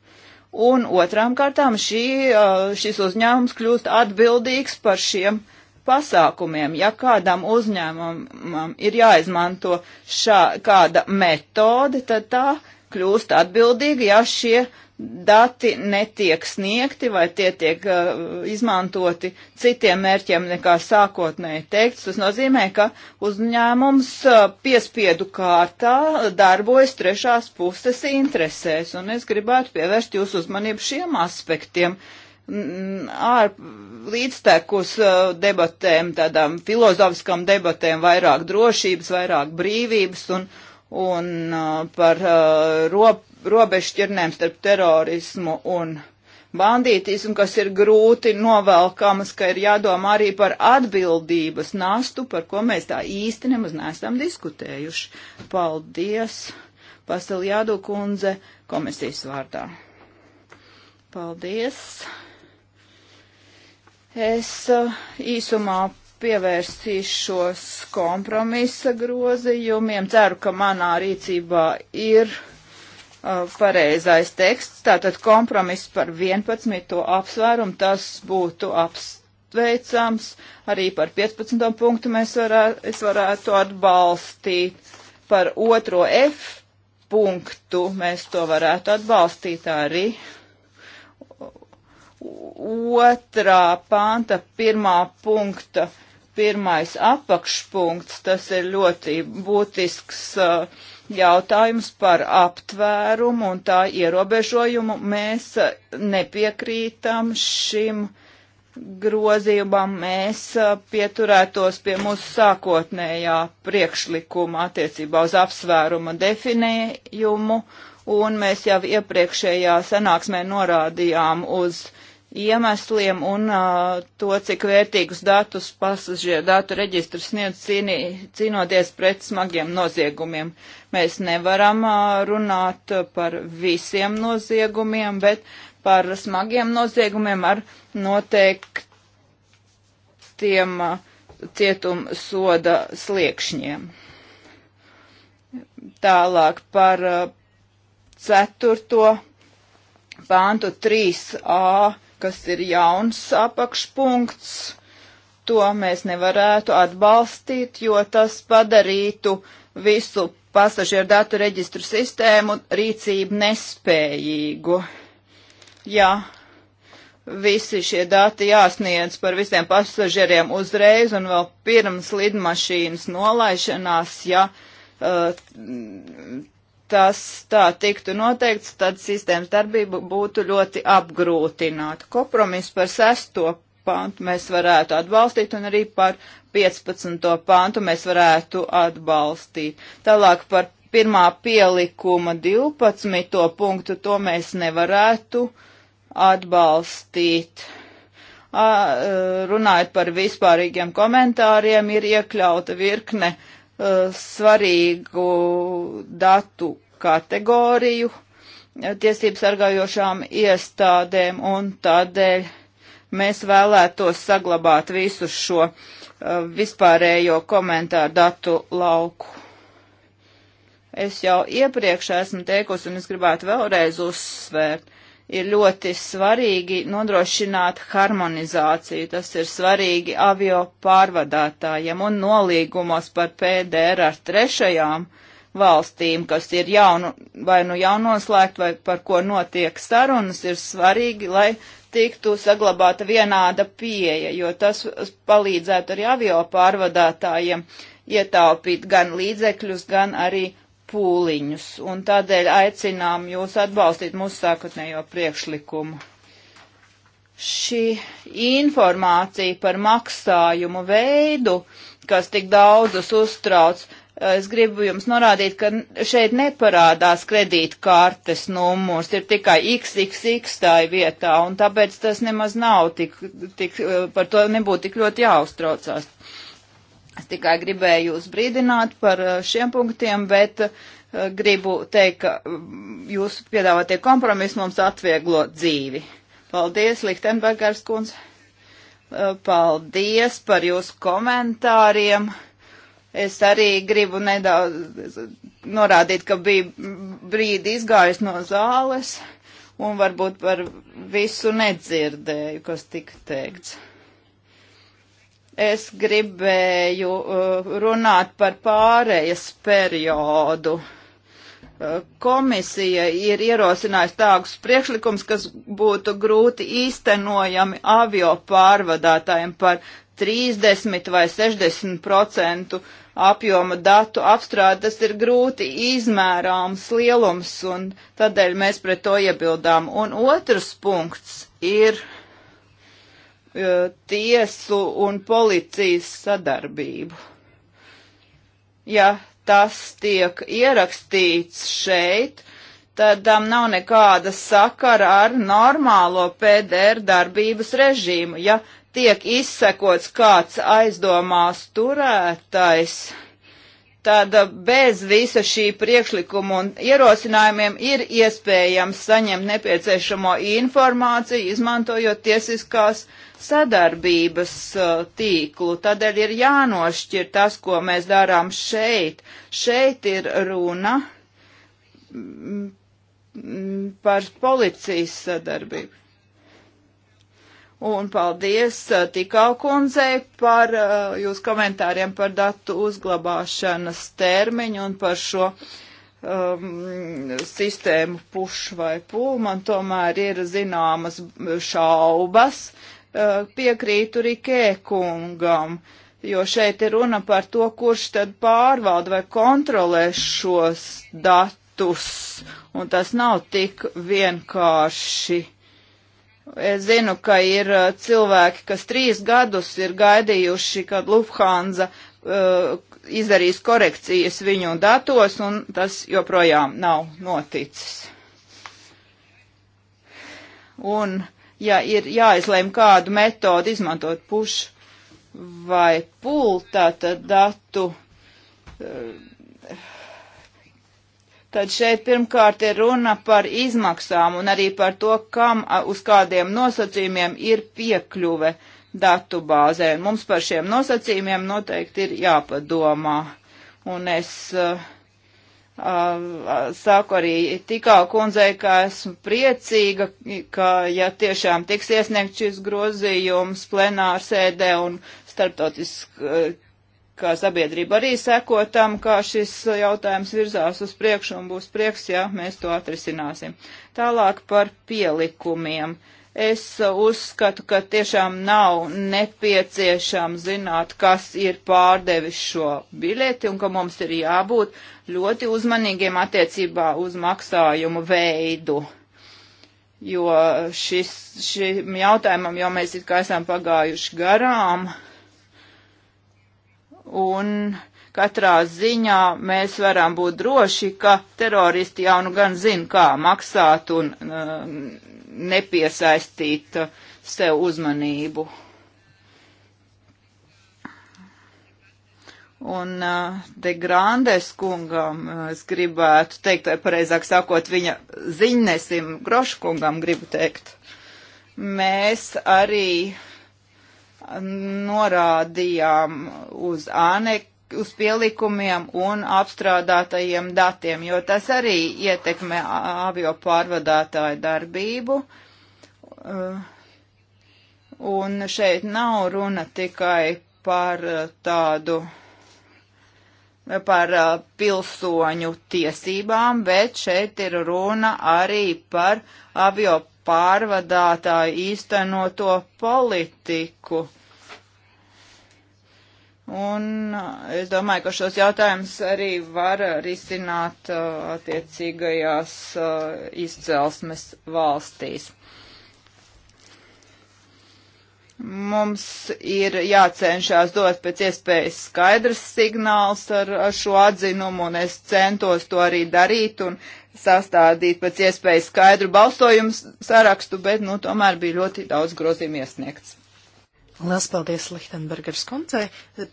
Un otrām kārtām šī, e, šis uzņēmums kļūst atbildīgs par šiem uh, pasākumiem. Ja kādam uzņēmumam ir jāizmanto šā, kāda metode, tad tā kļūst atbildīga, ja šie dati netiek sniegti vai tie tiek uh, izmantoti citiem mērķiem nekā sākotnēji teikts. Tas nozīmē, ka uzņēmums uh, piespiedu kārtā darbojas trešās puses interesēs, un es gribētu pievērst jūsu uzmanību šiem aspektiem. Uh, ar mm, līdztekus uh, debatēm, tādām filozofiskām debatēm, vairāk drošības, vairāk brīvības un, un uh, par uh, ro, robežšķirnēm starp terorismu un bandītismu, kas ir grūti novelkamas, ka ir jādomā arī par atbildības nastu, par ko mēs tā īsti nemaz neesam diskutējuši. Paldies, Pasteljādu kundze, komisijas vārdā. Paldies! Es uh, īsumā pievērsīšos kompromisa grozījumiem. Ceru, ka manā rīcībā ir uh, pareizais teksts. Tātad kompromiss par 11. apsvērumu tas būtu apsveicams. Arī par 15. punktu mēs varētu, es varētu atbalstīt. Par otro F punktu mēs to varētu atbalstīt arī. Uh, otrā panta pirmā punkta pirmais apakšpunkts, tas ir ļoti būtisks uh, jautājums par aptvērumu un tā ierobežojumu. Mēs uh, nepiekrītam šim grozījumam, mēs uh, pieturētos pie mūsu sākotnējā priekšlikuma attiecībā uz apsvēruma definējumu, un mēs jau iepriekšējā sanāksmē norādījām uz uh, iemesliem un uh, to, cik vērtīgus datus pasažieru datu reģistrs sniedz cīnī, cīnoties pret smagiem noziegumiem. Mēs nevaram uh, runāt par visiem noziegumiem, bet par smagiem noziegumiem ar noteiktiem uh, cietuma soda sliekšņiem. Tālāk par uh, ceturto pāntu 3a kas ir jauns apakšpunkts, to mēs nevarētu atbalstīt, jo tas padarītu visu pasažieru datu reģistru sistēmu rīcību nespējīgu. Jā, visi šie dati jāsniedz par visiem pasažieriem uzreiz un vēl pirms lidmašīnas nolaišanās, ja uh, tas tā tiktu noteikts, tad sistēmas darbība būtu ļoti apgrūtināta. Kompromiss par sesto pantu mēs varētu atbalstīt un arī par 15. pantu mēs varētu atbalstīt. Tālāk par pirmā pielikuma 12. punktu to mēs nevarētu atbalstīt. A, e, runājot par vispārīgiem komentāriem, ir iekļauta virkne e, svarīgu datu kategoriju tiesību sargājošām iestādēm, un tādēļ mēs vēlētos saglabāt visu šo eh, vispārējo komentāru datu lauku. Es jau iepriekš esmu teikusi, un es gribētu vēlreiz uzsvērt, ir ļoti svarīgi nodrošināt harmonizāciju. Tas ir svarīgi avio pārvadātājiem un nolīgumos par PDR ar trešajām uh, valstīm, kas ir jaunu, vai nu jaunoslēgt, vai par ko notiek sarunas, ir svarīgi, lai tiktu saglabāta vienāda pieeja, jo tas palīdzētu arī avio pārvadātājiem ietaupīt gan līdzekļus, gan arī pūliņus. Un tādēļ aicinām jūs atbalstīt mūsu sākotnējo priekšlikumu. Šī informācija par maksājumu veidu, kas tik daudzus uztrauc, Es gribu jums norādīt, ka šeit neparādās kredītkartes numurs, ir tikai XXX tā vietā, un tāpēc tas nemaz nav tik, tik par to nebūtu tik ļoti jāuztraucās. Es tikai gribēju jūs brīdināt par eh, šiem punktiem, bet eh, gribu teikt, ka mm, jūsu piedāvātie kompromisi mums atvieglo dzīvi. Paldies, Lichtenbergers kundze! Eh, paldies par jūsu komentāriem! Es arī gribu nedaudz norādīt, ka bija brīdi izgājis no zāles un varbūt par visu nedzirdēju, kas tika teikts. Es gribēju uh, runāt par pārējas periodu. Uh, komisija ir ierosinājusi tādus priekšlikumus, kas būtu grūti īstenojami avio pārvadātājiem par 30 vai 60 procentu apjoma datu apstrāde, tas ir grūti izmērāms lielums, un tādēļ mēs pret to iebildām. Un otrs punkts ir uh, tiesu un policijas sadarbību. Ja tas tiek ierakstīts šeit, tad tam nav nekāda sakara ar normālo PDR darbības režīmu. Ja tiek izsekots kāds aizdomās turētais, tad bez visa šī priekšlikuma un ierosinājumiem ir iespējams saņemt nepieciešamo informāciju, izmantojot tiesiskās sadarbības uh, tīklu. Tādēļ ir jānošķir tas, ko mēs darām šeit. Šeit ir runa mm, mm, par policijas sadarbību. Un paldies uh, tikā kundzei par uh, jūs komentāriem par datu uzglabāšanas termiņu un par šo um, sistēmu puš vai pūl. Man tomēr ir zināmas šaubas. Uh, piekrītu Rikē kungam, jo šeit ir runa par to, kurš tad pārvalda vai kontrolē šos datus. Un tas nav tik vienkārši Es zinu, ka ir uh, cilvēki, kas trīs gadus ir gaidījuši, kad Lufthansa uh, izdarīs korekcijas viņu datos, un tas joprojām nav noticis. Un, ja ir jāizlēm kādu metodu izmantot puš vai pultā, tad datu uh, tad šeit pirmkārt ir runa par izmaksām un arī par to, kam uz kādiem nosacījumiem ir piekļuve datu bāzē. Un mums par šiem nosacījumiem noteikti ir jāpadomā. Un es uh, uh, saku arī tikā kundzei, ka esmu priecīga, ka ja tiešām tiks iesniegt šis grozījums plenārsēdē un starptautiski ka sabiedrība arī seko tam, kā šis jautājums virzās uz priekšu un būs prieks, ja mēs to atrisināsim. Tālāk par pielikumiem. Es uzskatu, ka tiešām nav nepieciešams zināt, kas ir pārdevis šo biļeti un ka mums ir jābūt ļoti uzmanīgiem attiecībā uz maksājumu veidu. Jo šis, šim jautājumam jau mēs it kā esam pagājuši garām. Uh, un katrā ziņā mēs varam būt droši, ka teroristi jau nu gan zina, kā maksāt un uh, nepiesaistīt uh, sev uzmanību. Un uh, de Grandes kungam uh, es gribētu teikt, vai pareizāk sakot, viņa ziņnesim Groškungam gribu teikt. Mēs arī uh, norādījām uz anekdotu uz pielikumiem un apstrādātajiem datiem, jo tas arī ietekmē avio pārvadātāju darbību. Uh, un šeit nav runa tikai par uh, tādu par uh, pilsoņu tiesībām, bet šeit ir runa arī par avio pārvadātāju īstenoto politiku. Un eh, es domāju, ka šos jautājumus arī var risināt uh, attiecīgajās uh, izcelsmes valstīs. Mums ir jācenšas dot pēc iespējas skaidrs signāls ar, ar šo atzinumu, un es centos to arī darīt, un sastādīt pēc iespējas skaidru balsojumu sarakstu, bet, nu, tomēr bija ļoti daudz grozījumu iesniegts. Lielas paldies Lichtenbergers koncei.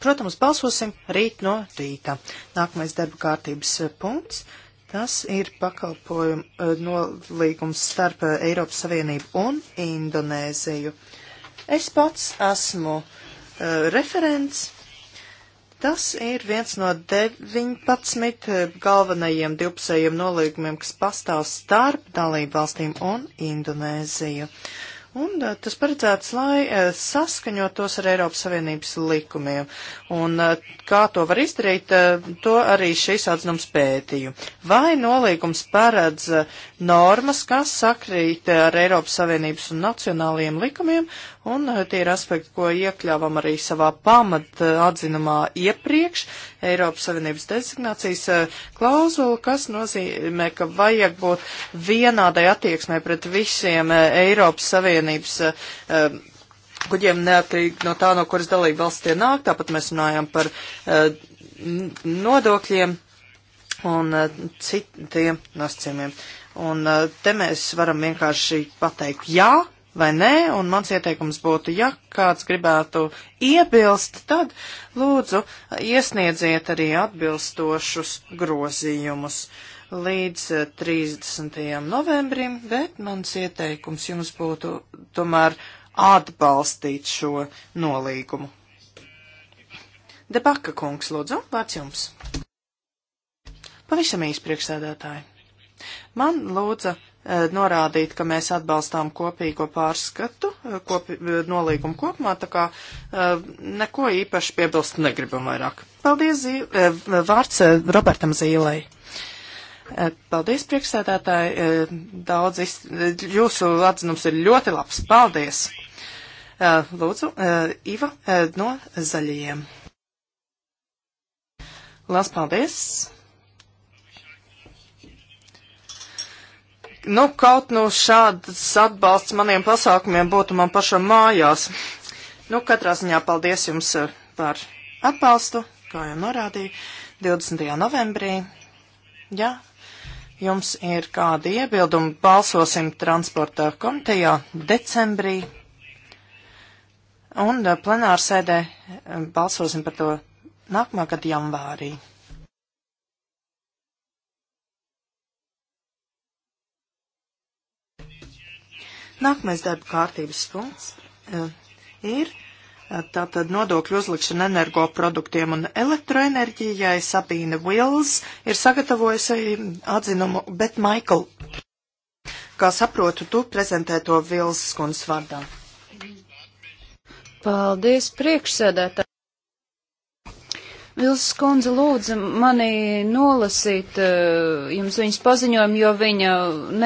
Protams, balsosim rīt no rīta. Nākamais darba kārtības punkts. Tas ir pakalpojumu eh, nolīgums starp eh, Eiropas Savienību un Indonēziju. Es pats esmu uh, referents Tas ir viens no 19 eh, galvenajiem divpusējiem nolīgumiem, kas pastāv starp dalību valstīm un Indonēziju. Un eh, tas paredzēts, lai eh, saskaņotos ar Eiropas Savienības likumiem. Un kā to var izdarīt, to arī šis atzinums pētīju. Vai nolīgums paredz normas, kas sakrīt ar Eiropas Savienības un nacionālajiem likumiem, Un eh, tie ir aspekti, ko iekļāvam arī savā pamat eh, atzinumā iepriekš Eiropas Savienības designācijas eh, klauzulu, kas nozīmē, ka vajag būt vienādai attieksmē pret visiem Eiropas Savienības kuģiem neatkarīgi no tā, no kuras dalība valsts tie nāk. Tāpat mēs runājam par nodokļiem un citiem nosacījumiem. Un te mēs varam vienkārši pateikt jā vai nē, un mans ieteikums būtu, ja kāds gribētu iebilst, tad lūdzu iesniedziet arī atbilstošus grozījumus līdz 30. Eh, novembrim, bet mans ieteikums jums būtu tomēr atbalstīt šo nolīgumu. Debaka kungs, lūdzu, vārds jums. Pavisam īsti priekšsēdētāji. Man lūdza Eh, norādīt, ka mēs atbalstām kopīgo pārskatu, eh, kopi, eh, nolīgumu kopumā, tā kā neko īpaši piebilst negribam vairāk. Paldies, Zīl, vārds Robertam Zīlei. Paldies, priekšsēdētāji, daudz, iz... jūsu atzinums ir ļoti labs, paldies. Lūdzu, Iva no Zaļajiem. Lās paldies. Nu, kaut no nu šādas atbalsts maniem pasākumiem būtu man pašam mājās. Nu, katrā ziņā paldies jums eh, par atbalstu, kā jau norādīju, 20. novembrī. Ja jums ir kādi iebildumi, balsosim transporta komitejā decembrī. Un eh, plenārsēdē eh, balsosim par to nākamā gada janvārī. Nākamais darba kārtības punkts eh, ir eh, Tātad nodokļu uzlikšana energoproduktiem un elektroenerģijai Sabīna Vils ir sagatavojusi atzinumu, bet Maikl, kā saprotu, tu prezentē to Vils skundas vārdā. Paldies, priekšsēdētāji. Vils skundze lūdza mani nolasīt eh, jums viņas paziņojumu, jo viņa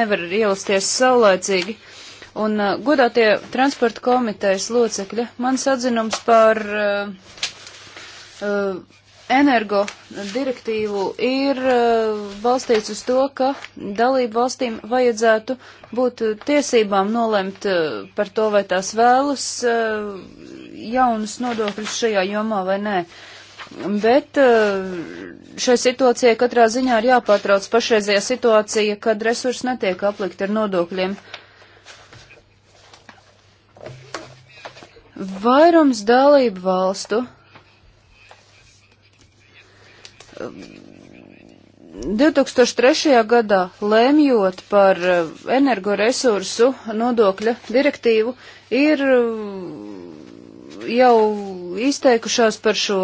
nevar ielasties saulēcīgi. Un uh, godātie transporta komitejas locekļi, mans atzinums par uh, uh, energo direktīvu ir uh, balstīts uz to, ka dalību valstīm vajadzētu būt tiesībām nolemt uh, par to, vai tās vēlas uh, jaunus nodokļus šajā jomā vai nē. Bet uh, šai situācijai katrā ziņā ir jāpārtrauc pašreizajā situācija, kad resursi netiek aplikti ar nodokļiem. Uh, Vairums dalību valstu um, 2003. gadā lēmjot par uh, energoresursu nodokļa direktīvu, ir uh, jau izteikušās par šo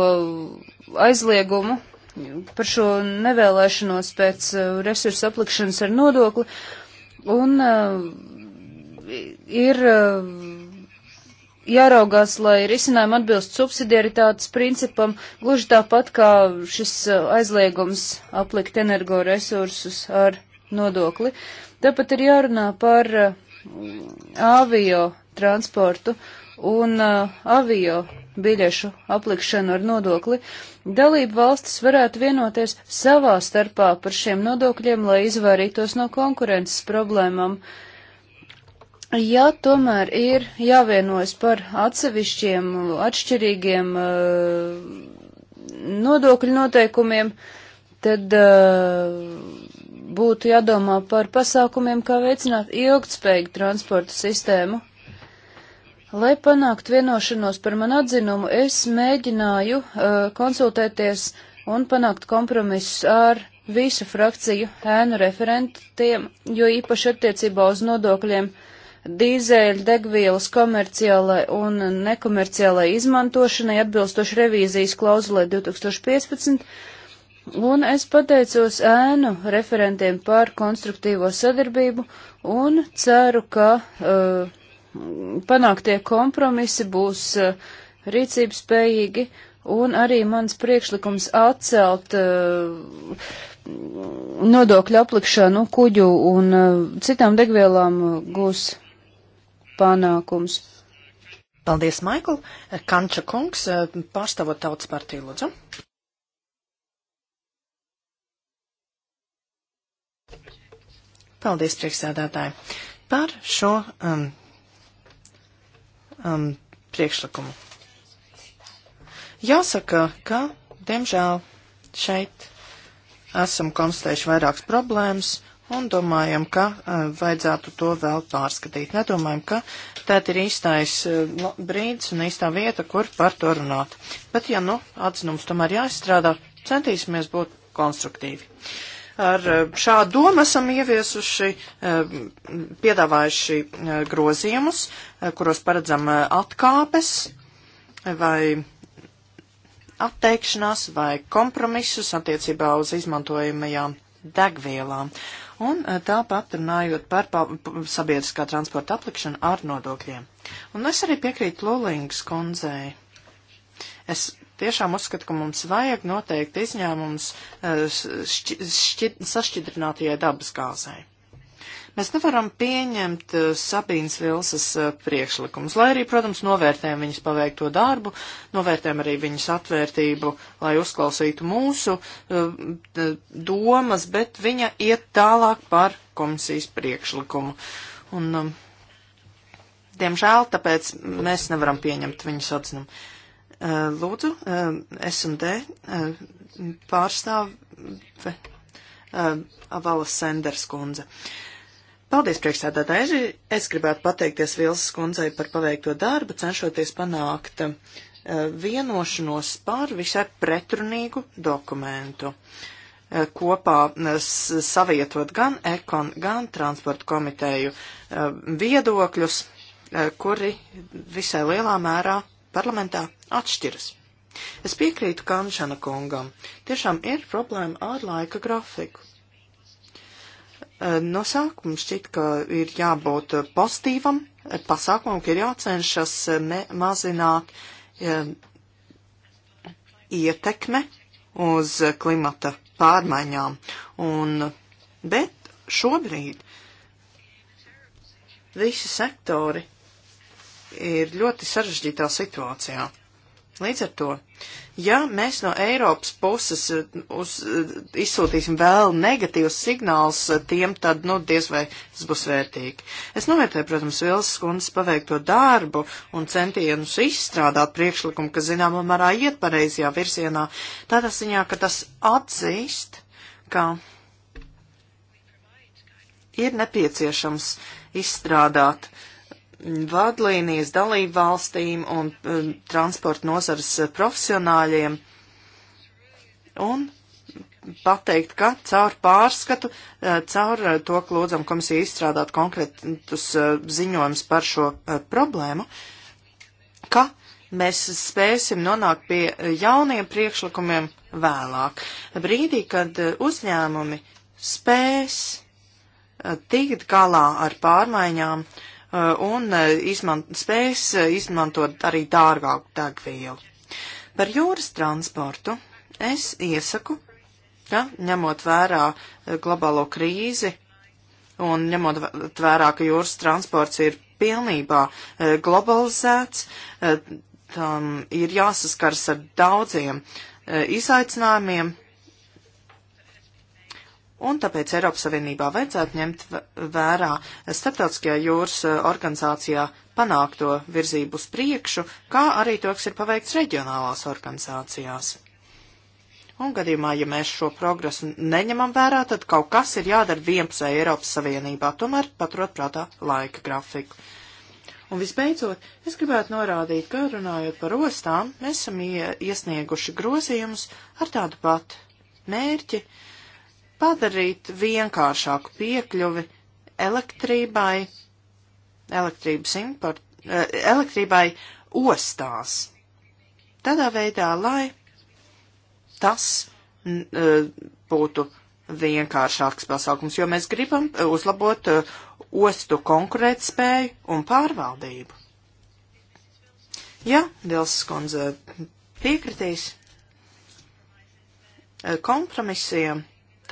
aizliegumu, par šo nevēlēšanos pēc uh, resursu aplikšanas ar nodokli, un ir jāraugās, lai risinājumi atbilst subsidiaritātes principam, gluži tāpat kā šis uh, aizliegums aplikt energoresursus ar nodokli. Tāpat ir jārunā par uh, avio transportu un uh, avio biļešu aplikšanu ar nodokli. Dalību valstis varētu vienoties savā starpā par šiem nodokļiem, lai izvairītos no konkurences problēmām. Uh, Ja tomēr ir jāvienojas par atsevišķiem, atšķirīgiem eh, nodokļu noteikumiem, tad eh, būtu jādomā par pasākumiem, kā veicināt ilgtspējīgu transporta sistēmu. Lai panāktu vienošanos par man atzinumu, es mēģināju eh, konsultēties un panākt kompromisus ar visu frakciju ēnu referentiem, jo īpaši attiecībā uz nodokļiem dīzeļu degvielas komerciālai un nekomerciālai izmantošanai atbilstoši revīzijas klauzulē 2015, un es pateicos ēnu referentiem par konstruktīvo sadarbību un ceru, ka uh, panāktie kompromisi būs uh, eh, rīcības spējīgi, un arī mans priekšlikums atcelt uh, nodokļu aplikšanu kuģu un uh, citām degvielām gūs panākums. Paldies, Maikl. Kanča kungs, pārstāvot tautas partiju, lūdzu. Paldies, priekšsēdētāji, par šo um, um, priekšlikumu. Jāsaka, ka, diemžēl, šeit esam konstatējuši vairākas problēmas un domājam, ka e, vajadzētu to vēl pārskatīt. Nedomājam, ka tēt ir īstais e, nu, brīdis un īstā vieta, kur par to runāt. Bet, ja nu atzinums tomēr jāizstrādā, centīsimies būt konstruktīvi. Ar e, šādu domu esam ieviesuši, piedāvājuši grozījumus, kuros paredzam atkāpes vai atteikšanās vai kompromisus attiecībā uz izmantojamajām degvielām. Un eh, tāpat runājot par sabiedriskā transporta aplikšanu ar nodokļiem. Un es arī piekrītu Lulīngas kundzei. Es tiešām uzskatu, ka mums vajag noteikti izņēmums eh, šķi, šķi, sašķidrinātajai dabas gāzai. Mēs nevaram pieņemt eh, Sabīnas Vilsas eh, priekšlikumus, lai arī, protams, novērtējam viņas paveikto darbu, novērtējam arī viņas atvērtību, lai uzklausītu mūsu eh, domas, bet viņa iet tālāk par komisijas priekšlikumu. Un, um, diemžēl, tāpēc mēs nevaram pieņemt viņas atzinumu. Lūdzu, S&D pārstāve Avalas Senders kundze. Uh, Paldies, priekšsēdētāji. Es gribētu pateikties Vilsas kundzei par paveikto darbu, cenšoties panākt uh, vienošanos par visai pretrunīgu dokumentu. Uh, kopā uh, savietot gan ekon, gan transporta komiteju viedokļus, kuri visai lielā mērā parlamentā atšķiras. Es piekrītu Kančana kungam. Tiešām ir problēma ar laika grafiku No sākuma šķiet, ka ir jābūt pozitīvam pasākumam, ka ir jācenšas mazināt e, ietekme uz klimata pārmaiņām. Un, bet šobrīd visi sektori ir ļoti sarežģītā situācijā. Līdz ar to, ja mēs no Eiropas puses eh, uz, eh, izsūtīsim vēl negatīvus signālus eh, tiem, tad, nu, diez vai tas būs vērtīgi. Es novērtēju, protams, Vilsas kundas paveikto darbu un centienus izstrādāt priekšlikumu, kas zināmā mērā iet pareizajā virzienā, tādā ziņā, ka tas atzīst, ka ir nepieciešams izstrādāt uh, vadlīnijas dalību valstīm un um, transporta nozares uh, profesionāļiem un pateikt, ka caur pārskatu, uh, caur uh, to, ka lūdzam komisiju izstrādāt konkrētus ziņojumus par šo problēmu, ka mēs spēsim nonākt pie jauniem priekšlikumiem vēlāk. Brīdī, kad uzņēmumi spēs tikt galā ar pārmaiņām, uh, Eh, un eh, izman, spēs eh, izmantot arī dārgāku degvielu. Par jūras transportu es iesaku, ka ņemot vērā globālo krīzi un ņemot vērā, ka jūras transports ir pilnībā globalizēts, tam ir jāsaskars ar daudziem izaicinājumiem, Un tāpēc Eiropas Savienībā vajadzētu ņemt vērā starptautiskajā jūras eh, organizācijā panākto virzību uz priekšu, kā arī to, kas ir paveikts reģionālās organizācijās. Un gadījumā, ja mēs šo progresu neņemam vērā, tad kaut kas ir jādara vienpusē Eiropas Savienībā, tomēr paturot prātā laika grafiku. Un visbeidzot, es gribētu norādīt, ka runājot par ostām, mēs esam iesnieguši grozījumus ar tādu pat mērķi, uh, padarīt vienkāršāku piekļuvi elektrībai, elektrības import, eh, elektrībai ostās. Tādā veidā, lai tas eh, būtu vienkāršāks pasākums, jo mēs gribam eh, uzlabot ostu konkurētspēju un pārvaldību. Ja Dilsas kundze piekritīs kompromisiem,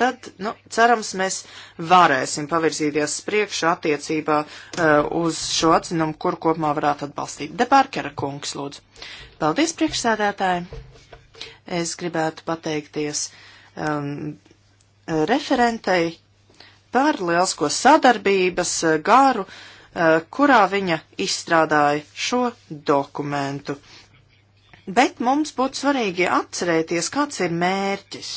tad, nu, cerams, mēs varēsim pavirzīties priekšu attiecībā uh, uz šo atzinumu, kur kopumā varētu atbalstīt. Debārkera kungs, lūdzu. Paldies, priekšsēdētāji. Es gribētu pateikties um, referentei par lielsko sadarbības eh, garu, uh, kurā viņa izstrādāja šo dokumentu. Bet mums būtu svarīgi atcerēties, kāds ir mērķis.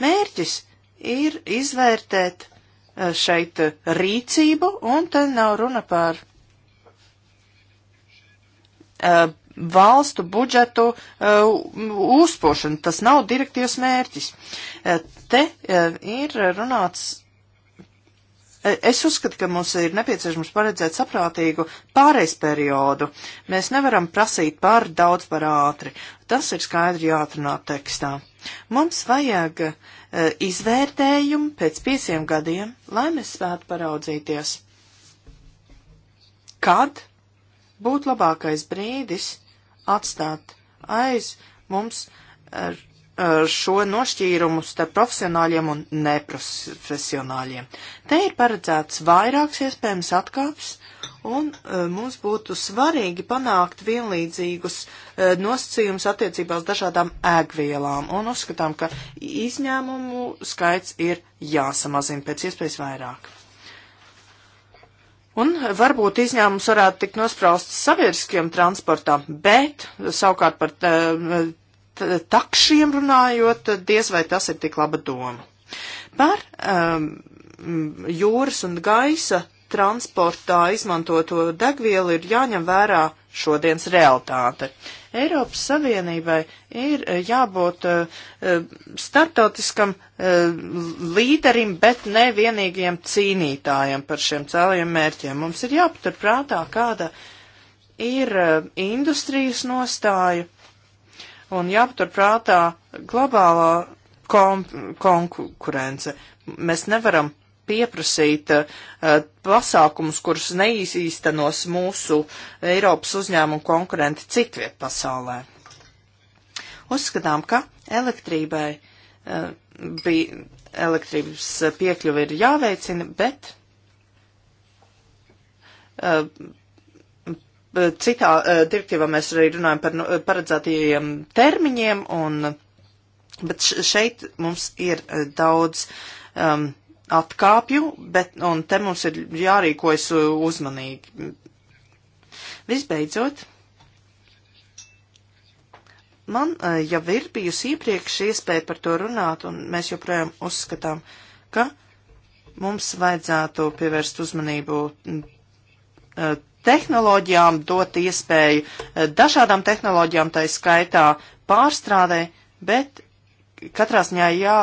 Mērķis ir izvērtēt eh, šeit eh, rīcību, un te nav runa par uh, valstu budžetu uh, uzpošanu. Tas nav direktīvas mērķis. Uh, te ir runāts. Es uzskatu, ka mums ir nepieciešams paredzēt saprātīgu pārejas periodu. Mēs nevaram prasīt par daudz par ātri. Tas ir skaidri jāatrunā tekstā. Mums vajag uh, E, izvērtējumu pēc pieciem gadiem, lai mēs spētu paraudzīties, kad būtu labākais brīdis atstāt aiz mums ar, ar šo nošķīrumu starp profesionāļiem un neprofesionāļiem. Te ir paredzēts vairāks iespējams atkāps, un e, mums būtu svarīgi panākt vienlīdzīgus e, nosacījumus attiecībā uz dažādām ēgvielām, un uzskatām, ka izņēmumu skaits ir jāsamazina pēc iespējas vairāk. Un varbūt izņēmums varētu tikt nosprausts sabiedriskajam transportam, bet savukārt par e, takšiem runājot, diez vai tas ir tik laba doma. Par um, jūras un gaisa transportā izmantoto degvielu ir jāņem vērā šodienas realitāte. Eiropas Savienībai ir eh, jābūt eh, startautiskam eh, līderim, bet ne vienīgajam cīnītājam par šiem cēlajiem mērķiem. Mums ir jāpatur prātā, kāda ir industrijas nostāja un jāpatur prātā globālā konkurence. Mēs nevaram pieprasīt uh, pasākumus, kurus neīstenos mūsu Eiropas uzņēmumu konkurenti citviet pasaulē. Uzskatām, ka elektrībai uh, eh, bija, elektrības piekļuva ir jāveicina, bet uh, citā direktīvā mēs arī runājam par nu, paredzētajiem termiņiem, un, bet šeit mums ir daudz um, atkāpju, bet, un te mums ir jārīkojas uh, uzmanīgi. Visbeidzot, man uh, jau ir bijusi iepriekš iespēja par to runāt, un mēs joprojām uzskatām, ka mums vajadzētu pievērst uzmanību mm, uh, tehnoloģijām, dot iespēju dažādām tehnoloģijām, tā skaitā pārstrādē, bet katrā ziņā jā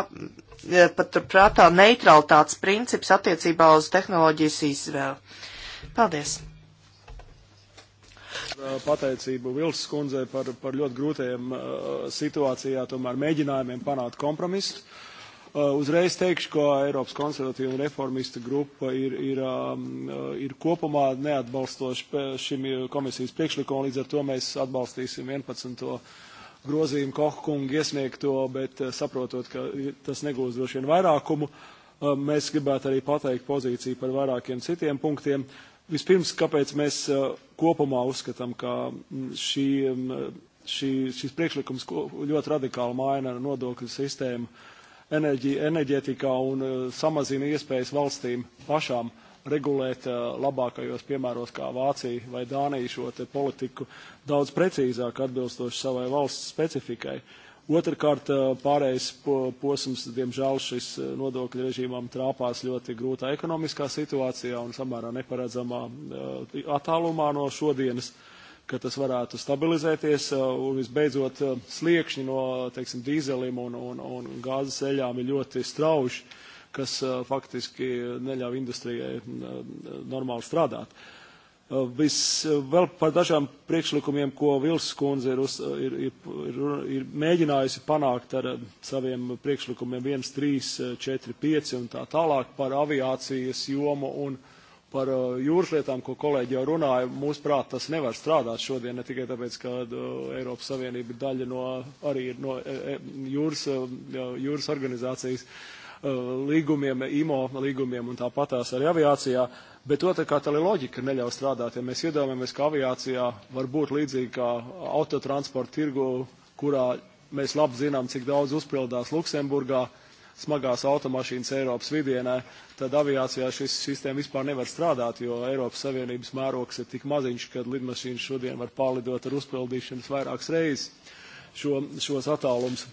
paturprātā neutralitātes princips attiecībā uz tehnoloģijas izvēli. Paldies! Pateicību Vils skundzē par, par ļoti grūtajiem uh, situācijā, tomēr mēģinājumiem panākt kompromisu. Uh, uzreiz teikšu, ka Eiropas konservatīva un reformista grupa ir, ir, um, uh, ir kopumā neatbalstoši šim komisijas priekšlikumam, līdz ar to mēs atbalstīsim 11 grozījumu Kohkunga iesniegto, bet eh, saprotot, ka tas negūs droši vien vairākumu, eh, mēs gribētu arī pateikt pozīciju par vairākiem citiem punktiem. Vispirms, kāpēc mēs eh, kopumā uzskatām, ka mm, šī, mm, šī, šis priekšlikums ļoti radikāli maina nodokļu sistēmu enerģi, enerģetikā un samazina iespējas valstīm pašām uh, regulēt eh, labākajos piemēros kā Vācija vai Dānija šo te politiku daudz precīzāk atbilstoši savai valsts specifikai. Otrakārt, eh, pārējais posms, diemžēl šis eh, nodokļu režīmām trāpās ļoti grūtā ekonomiskā situācijā un samērā neparedzamā attālumā no šodienas, ka tas varētu stabilizēties. Un visbeidzot, sliekšņi no, teiksim, dīzelim un, un, un gāzes eļām ir ļoti strauži kas eh, faktiski neļauj industrijai eh, normāli strādāt. Eh, vis, vēl par dažām priekšlikumiem, ko Vils kundze ir, uz, ir, ir, ir, ir mēģinājusi panākt ar saviem priekšlikumiem 1, 3, 4, 5 un tā tālāk par aviācijas jomu un par jūras lietām, ko kolēģi jau runāja. Mūsuprāt, tas nevar strādāt šodien, ne tikai tāpēc, ka Eiropas Savienība ir daļa no, arī no jūras, jūras organizācijas. Uh, Eh, līgumiem, IMO līgumiem un tāpatās arī aviācijā, bet otrā kā tā loģika neļauj strādāt. Ja mēs iedomājamies, ka aviācijā var būt līdzīgi kā autotransporta tirgu, kurā mēs labi zinām, cik daudz uzpildās Luksemburgā, smagās automašīnas Eiropas vidienē, tad aviācijā šis sistēma vispār nevar strādāt, jo Eiropas Savienības mērogs ir tik maziņš, ka lidmašīnas šodien var pārlidot ar uzpildīšanas vairākas reizes šo, šos attālums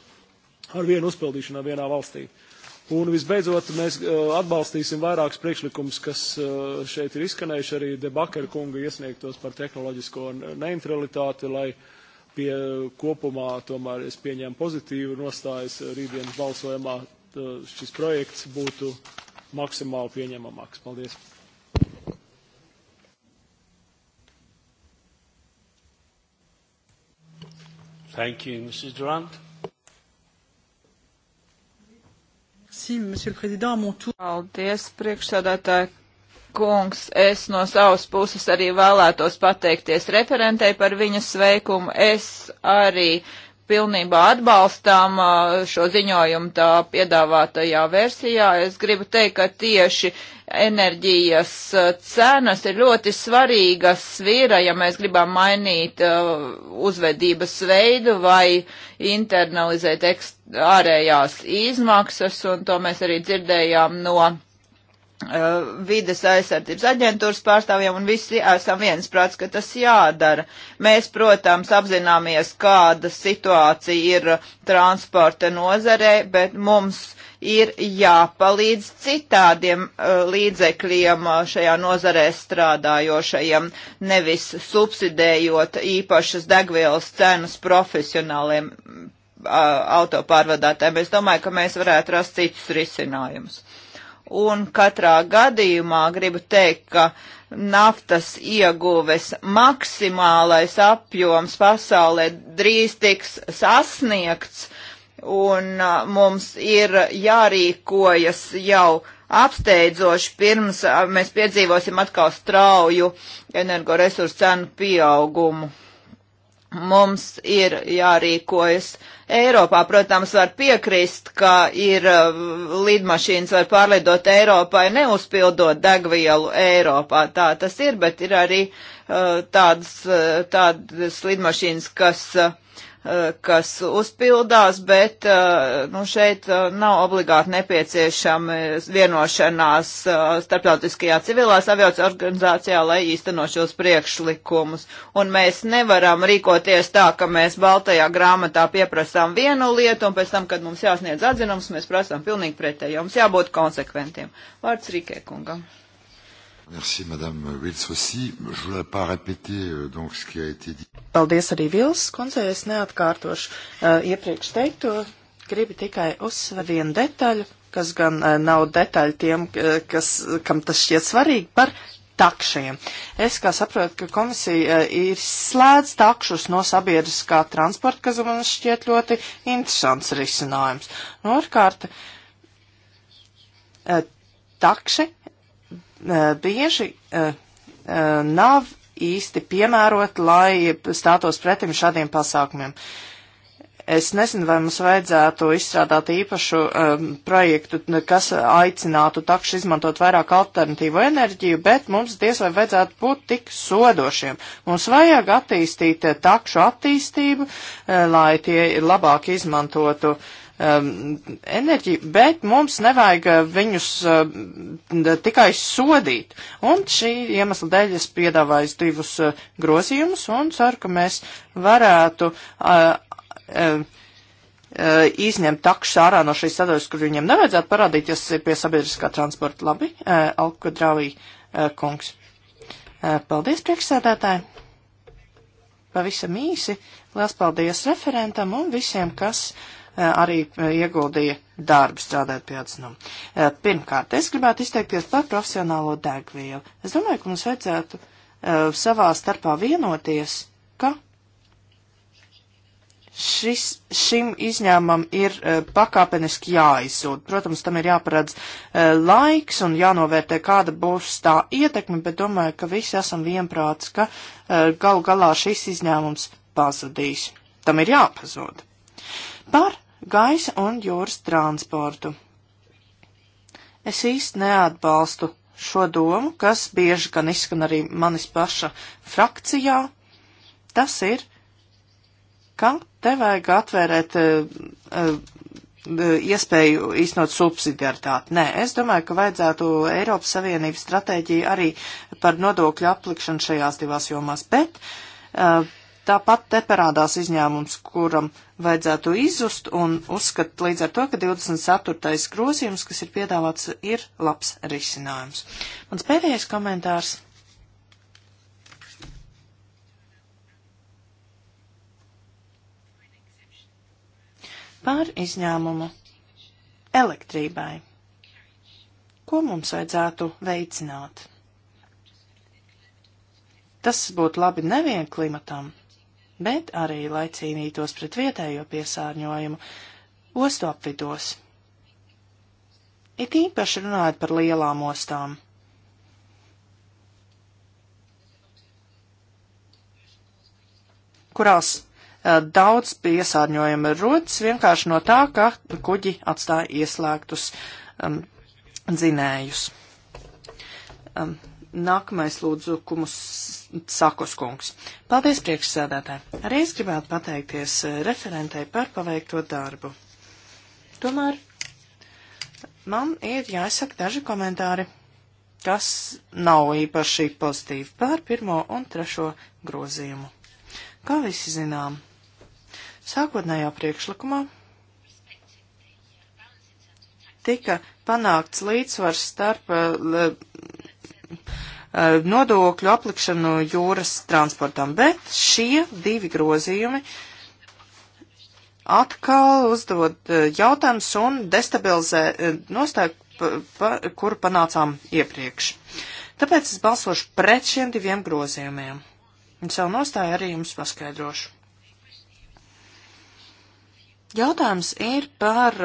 ar vienu uzpildīšanu vienā valstī. Uh, Un visbeidzot, mēs uh, atbalstīsim vairākus priekšlikumus, kas uh, šeit ir izskanējuši arī debakera kunga iesniegtos par tehnoloģisko neutralitāti, lai pie kopumā tomēr es pieņēmu pozitīvu nostājas rītdienas balsojumā šis projekts būtu maksimāli pieņemamāks. Paldies! Thank you, Mrs. Durant. Merci, monsieur le président, mon tour. Paldies, priekšsēdētāji. Kungs, es no savas puses arī vēlētos pateikties referentei par viņas veikumu. Es arī pilnībā atbalstām šo ziņojumu tā piedāvātajā versijā. Es gribu teikt, ka tieši enerģijas cenas ir ļoti svarīga svira, ja mēs gribam mainīt uzvedības veidu vai internalizēt ārējās izmaksas, un to mēs arī dzirdējām no Eh, vides aizsardzības aģentūras pārstāvjiem un visi esam viensprāts, ka tas jādara. Mēs, protams, apzināmies, kāda situācija ir transporta nozarē, bet mums ir jāpalīdz citādiem uh, līdzekļiem eh, šajā nozarē strādājošajiem, nevis subsidējot īpašas degvielas cenas profesionāliem uh, autopārvadātājiem. Es domāju, ka mēs varētu rast citus risinājumus un katrā gadījumā gribu teikt, ka naftas ieguves maksimālais apjoms pasaulē drīz tiks sasniegts, un mums ir jārīkojas jau apsteidzoši pirms mēs piedzīvosim atkal strauju energoresursu cenu pieaugumu mums ir jārīkojas. Eiropā, protams, var piekrist, ka ir uh, lidmašīnas var pārlidot Eiropai, neuzpildot degvielu Eiropā. Tā tas ir, bet ir arī uh, tādas, uh, tādas lidmašīnas, kas uh, Eh, kas uzpildās, bet eh, nu, šeit eh, nav obligāti nepieciešama vienošanās starptautiskajā civilās aviācijas organizācijā, lai īsteno šos priekšlikumus. Un mēs nevaram rīkoties tā, ka mēs baltajā grāmatā pieprasām vienu lietu, un pēc tam, kad mums jāsniedz atzinums, mēs prasām pilnīgi pretējo. Mums jābūt konsekventiem. Vārds Rikē kungam. Merci, Madame Vils, aussi. Je voulais pas répéter euh, donc ce qui a été dit. Paldies arī Vils, koncei es neatkārtošu uh, iepriekš teikto. Gribu tikai uzsver vienu detaļu, kas gan uh, nav detaļa tiem, uh, kas, kam tas šķiet svarīgi, par takšiem. Es kā saprotu, ka komisija uh, ir slēdz takšus no sabiedriskā transporta, kas man šķiet ļoti interesants risinājums. Norkārt, nu, uh, takši Eh, bieži eh, eh, nav īsti piemēroti, lai stātos pretim šādiem pasākumiem. Es nezinu, vai mums vajadzētu izstrādāt īpašu um, projektu, kas aicinātu takšu izmantot vairāk alternatīvo enerģiju, bet mums diez vai vajadzētu būt tik sodošiem. Mums vajag attīstīt takšu attīstību, lai tie labāk izmantotu uh, um, enerģiju, bet mums nevajag uh, viņus uh, tikai sodīt. Un šī iemesla dēļ es piedāvāju divus uh, grozījumus un ceru, ka mēs varētu uh, uh, uh izņemt takšu ārā no šīs sadaļas, kur viņiem nevajadzētu parādīties pie sabiedriskā transporta. Labi, uh, Alkudrāvī kungs. Paldies, priekšsēdētāji! Pavisam īsi. Lielas paldies referentam un visiem, kas uh, Eh, arī eh, ieguldīja darbu strādājot pie atzinuma. Eh, pirmkārt, es gribētu izteikties par profesionālo degvielu. Es domāju, ka mums vajadzētu savā starpā vienoties, ka šis, šim izņēmumam ir uh, pakāpeniski jāizsūta. Protams, tam ir jāparedz uh, laiks un jānovērtē, kāda būs tā ietekme, bet domāju, ka visi esam vienprāts, ka uh, galu galā šis izņēmums pazudīs. Tam ir jāpazūd par gaisa un jūras transportu. Es īsti neatbalstu šo domu, kas bieži gan izskan arī manis paša frakcijā. Tas ir, ka te vajag atvērēt uh, uh, iespēju īstenot subsidiaritāti. Nē, es domāju, ka vajadzētu Eiropas Savienības stratēģiju arī par nodokļu aplikšanu šajās divās jomās, bet uh, Tāpat te parādās izņēmums, kuram vajadzētu izzust un uzskat līdz ar to, ka 24. grozījums, kas ir piedāvāts, ir labs risinājums. Mans pēdējais komentārs. Par izņēmumu elektrībai. Ko mums vajadzētu veicināt? Tas būtu labi nevien klimatam, bet arī, lai cīnītos pret vietējo piesārņojumu ostu apvidos. It īpaši runājot par lielām ostām. kurās uh, daudz piesārņojuma rodas vienkārši no tā, ka kuģi atstāja ieslēgtus um, dzinējus. Um, Nākamais lūdzu kumus sakos kungs. Paldies priekšsēdētāji. Arī es gribētu pateikties eh, referentei par paveikto darbu. Tomēr man ir jāizsaka daži komentāri, kas nav īpaši pozitīvi par pirmo un trešo grozījumu. Kā visi zinām, sākotnējā priekšlikumā tika panākts līdzsvars starp eh, Uh, nodokļu aplikšanu jūras transportam, bet šie divi grozījumi atkal uzdod uh, jautājums un destabilizē uh, nostāju, pa, kuru panācām iepriekš. Tāpēc es balsošu pret šiem diviem grozījumiem. Un savu nostāju arī jums paskaidrošu. Jautājums ir par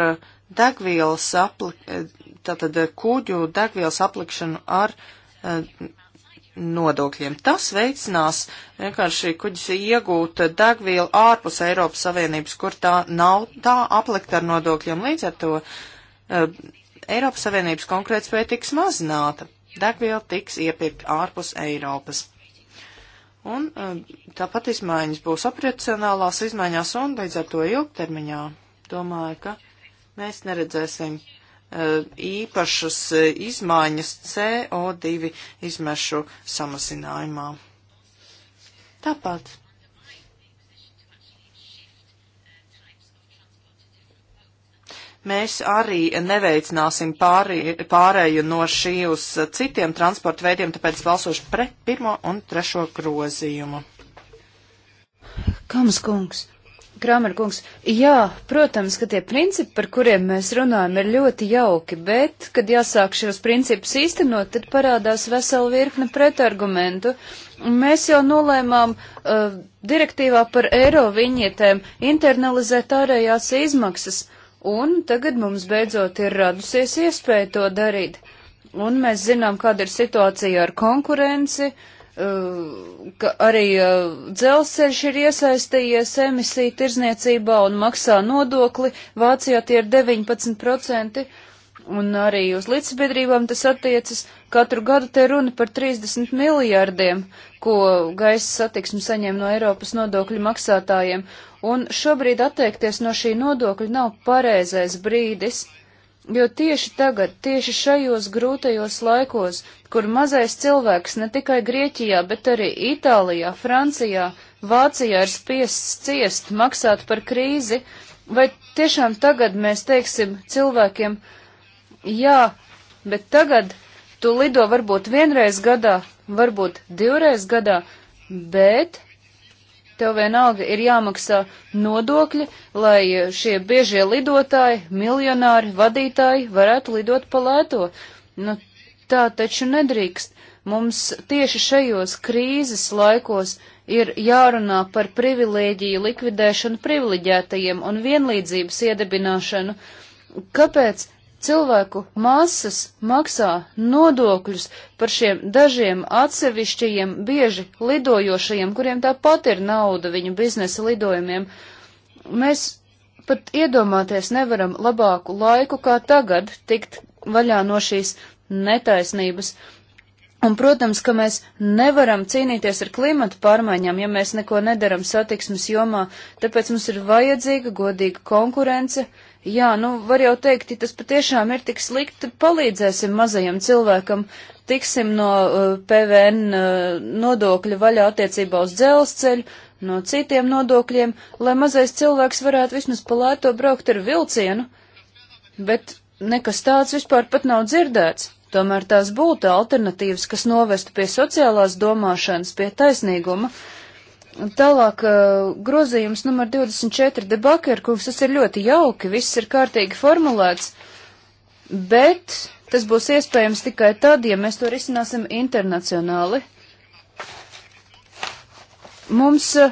degvielas apli, tātad kuģu degvielas aplikšanu ar uh, Eh, nodokļiem. Tas veicinās vienkārši kuģis iegūt degvielu ārpus Eiropas Savienības, kur tā nav tā aplikta ar nodokļiem. Līdz ar to eh, Eiropas Savienības konkurētspēja tiks mazināta. Degviela tiks iepirkt ārpus Eiropas. Un eh, tāpat izmaiņas būs operacionālās izmaiņās un līdz ar to ilgtermiņā. Domāju, ka mēs neredzēsim īpašas izmaiņas CO2 izmešu samazinājumā. Tāpat. Mēs arī neveicināsim pārī, pārēju no šī uz citiem transporta veidiem, tāpēc balsošu pret pirmo un trešo grozījumu. Kams kungs, Kramerkungs, jā, protams, ka tie principi, par kuriem mēs runājam, ir ļoti jauki, bet, kad jāsāk šos principus īstenot, tad parādās vesela virkne pretargumentu. Mēs jau nolēmām uh, direktīvā par eiro viņietēm internalizēt ārējās izmaksas, un tagad mums beidzot ir radusies iespēja to darīt. Un mēs zinām, kāda ir situācija ar konkurenci. Uh, ka arī eh, dzelzceļš ir iesaistījies emisiju tirzniecībā un maksā nodokli. Vācijā tie ir 19%, un arī uz līdzsabiedrībām tas attiecas. Katru gadu te runa par 30 miljārdiem, ko gaisa satiksme saņem no Eiropas nodokļu maksātājiem, un šobrīd atteikties no šī nodokļa nav pareizais brīdis. Uh, Jo tieši tagad, tieši šajos grūtajos laikos, kur mazais cilvēks ne tikai Grieķijā, bet arī Itālijā, Francijā, Vācijā ir spiests ciest, maksāt par krīzi, vai tiešām tagad mēs teiksim cilvēkiem, jā, bet tagad tu lido varbūt vienreiz gadā, varbūt divreiz gadā, bet Tev vienalga ir jāmaksā nodokļi, lai šie biežie lidotāji, miljonāri, vadītāji varētu lidot pa lēto. Nu, tā taču nedrīkst. Mums tieši šajos krīzes laikos ir jārunā par privilēģiju likvidēšanu privileģētajiem un vienlīdzības iedibināšanu. Kāpēc cilvēku masas maksā nodokļus par šiem dažiem atsevišķajiem, bieži lidojošajiem, kuriem tāpat ir nauda viņu biznesa lidojumiem. Mēs pat iedomāties nevaram labāku laiku kā tagad tikt vaļā no šīs netaisnības. Un, protams, ka mēs nevaram cīnīties ar klimatu pārmaiņām, ja mēs neko nedaram satiksmes jomā, tāpēc mums ir vajadzīga godīga konkurence, uh, Jā, nu var jau teikt, ja tas patiešām ir tik slikti, palīdzēsim mazajam cilvēkam, tiksim no uh, PVN uh, nodokļa vaļā attiecībā uz dzelzceļu, no citiem nodokļiem, lai mazais cilvēks varētu vismaz pa lēto braukt ar vilcienu, bet nekas tāds vispār pat nav dzirdēts. Tomēr tās būtu alternatīvas, kas novestu pie sociālās domāšanas, pie taisnīguma. Uh, Tālāk, grozījums numur 24 debakerkungs, tas ir ļoti jauki, viss ir kārtīgi formulēts, bet tas būs iespējams tikai tad, ja mēs to risināsim internacionāli. Mums ja,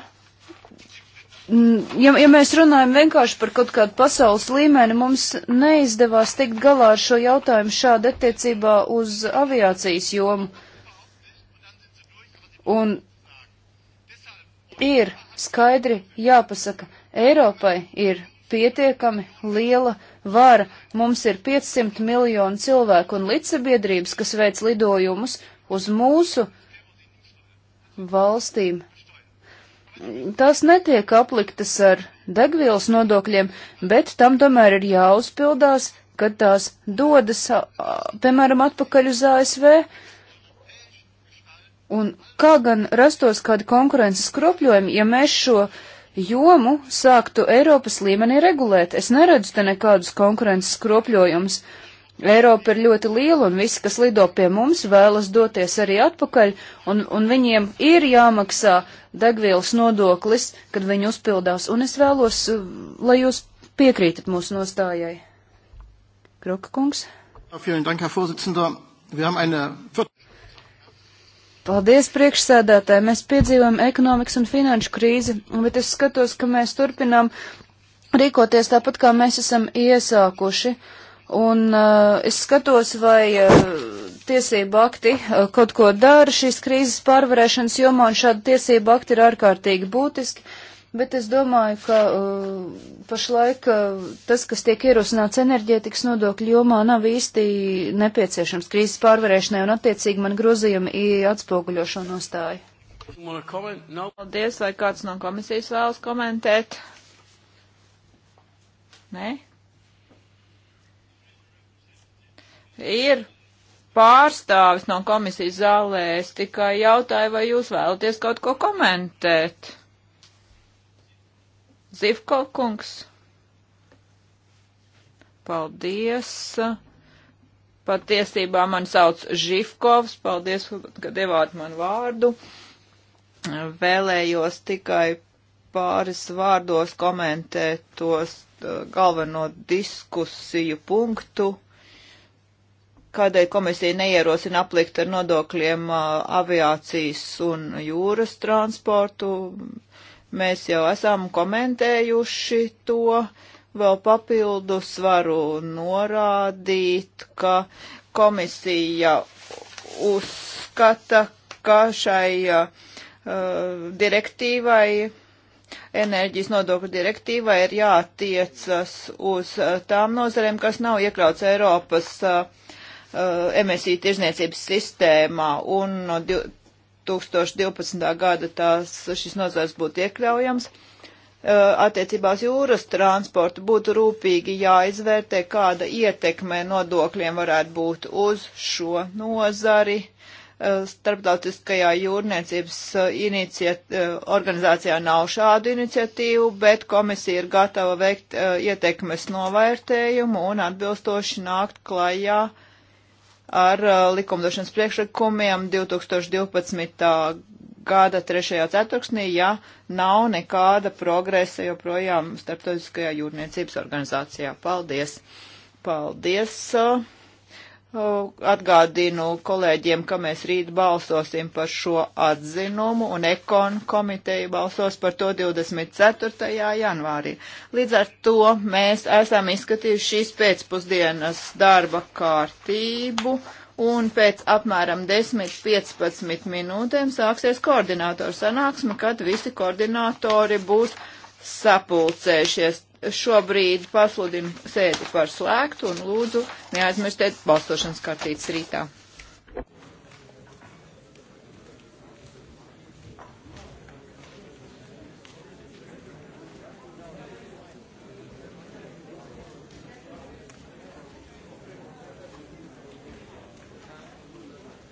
ja mēs runājam vienkārši par kaut kādu pasaules līmeni, mums neizdevās tikt galā ar šo jautājumu šādi attiecībā uz aviācijas jomu. Un ir skaidri jāpasaka, Eiropai ir pietiekami liela vara. Mums ir 500 miljonu cilvēku un līdzsabiedrības, kas veic lidojumus uz mūsu valstīm. Tās netiek apliktas ar degvielas nodokļiem, bet tam tomēr ir jāuzpildās, kad tās dodas, piemēram, atpakaļ uz ASV. Un kā gan rastos kādi konkurences kropļojumi, ja mēs šo jomu sāktu Eiropas līmenī regulēt? Es neredzu te nekādus konkurences kropļojumus. Eiropa ir ļoti liela, un visi, kas lido pie mums, vēlas doties arī atpakaļ, un, un viņiem ir jāmaksā degvielas nodoklis, kad viņi uzpildās, un es vēlos, lai jūs piekrītat mūsu nostājai. Kroka kungs. Vielen Dank, Herr Vorsitzender. Wir haben eine Paldies, priekšsēdētāji! Mēs piedzīvojam ekonomikas un finanšu krīzi, bet es skatos, ka mēs turpinām rīkoties tāpat, kā mēs esam iesākuši. Un uh, es skatos, vai uh, tiesība akti uh, kaut ko dara šīs krīzes pārvarēšanas jomā, un šāda tiesība akti ir ārkārtīgi būtiski. Uh, bet es domāju, ka uh, pašlaik uh, tas, kas tiek ierosināts enerģētikas nodokļu jomā, nav īsti nepieciešams krīzes pārvarēšanai, un attiecīgi man grozījumi atspoguļo šo nostāju. No. Paldies, vai kāds no komisijas vēlas komentēt? Nē? Ir pārstāvis no komisijas zālē. Es tikai jautāju, vai jūs vēlaties kaut ko komentēt. Zivko kungs. Paldies. Patiesībā man sauc Živkovs. Paldies, ka devāt man vārdu. Vēlējos tikai pāris vārdos komentēt tos uh, galveno diskusiju punktu. Kādēļ komisija neierosina aplikt ar nodokļiem uh, aviācijas un jūras transportu? Uh, Mēs jau esam komentējuši to, vēl papildus varu norādīt, ka komisija uzskata, ka šai uh, direktīvai, enerģijas nodokļu direktīvai ir jātiecas uz uh, tām nozarēm, kas nav iekļauts Eiropas uh, uh emisiju tirzniecības sistēmā un uh, 2012. gada tās, šis nozars būtu iekļaujams. Uh, Attiecībās jūras transportu būtu rūpīgi jāizvērtē, kāda ietekme nodokļiem varētu būt uz šo nozari. Uh, starptautiskajā jūrniecības uh, iniciat, organizācijā nav šādu iniciatīvu, bet komisija ir gatava veikt ietekmes novērtējumu un atbilstoši nākt klajā uh, ar uh, likumdošanas priekšlikumiem 2012. gada 3. ceturksnī, ja nav nekāda progresa joprojām starptautiskajā jūrniecības organizācijā. Paldies! Paldies! Uh, Atgādinu kolēģiem, ka mēs rīt balsosim par šo atzinumu un ekon komiteja balsos par to 24. janvārī. Līdz ar to mēs esam izskatījuši šīs pēcpusdienas darba kārtību un pēc apmēram 10-15 minūtēm sāksies koordinātoru sanāksme, kad visi koordinātori būs sapulcējušies šobrīd pasludinu sēdi par slēgtu un lūdzu neaizmirstiet balsošanas kartītes rītā.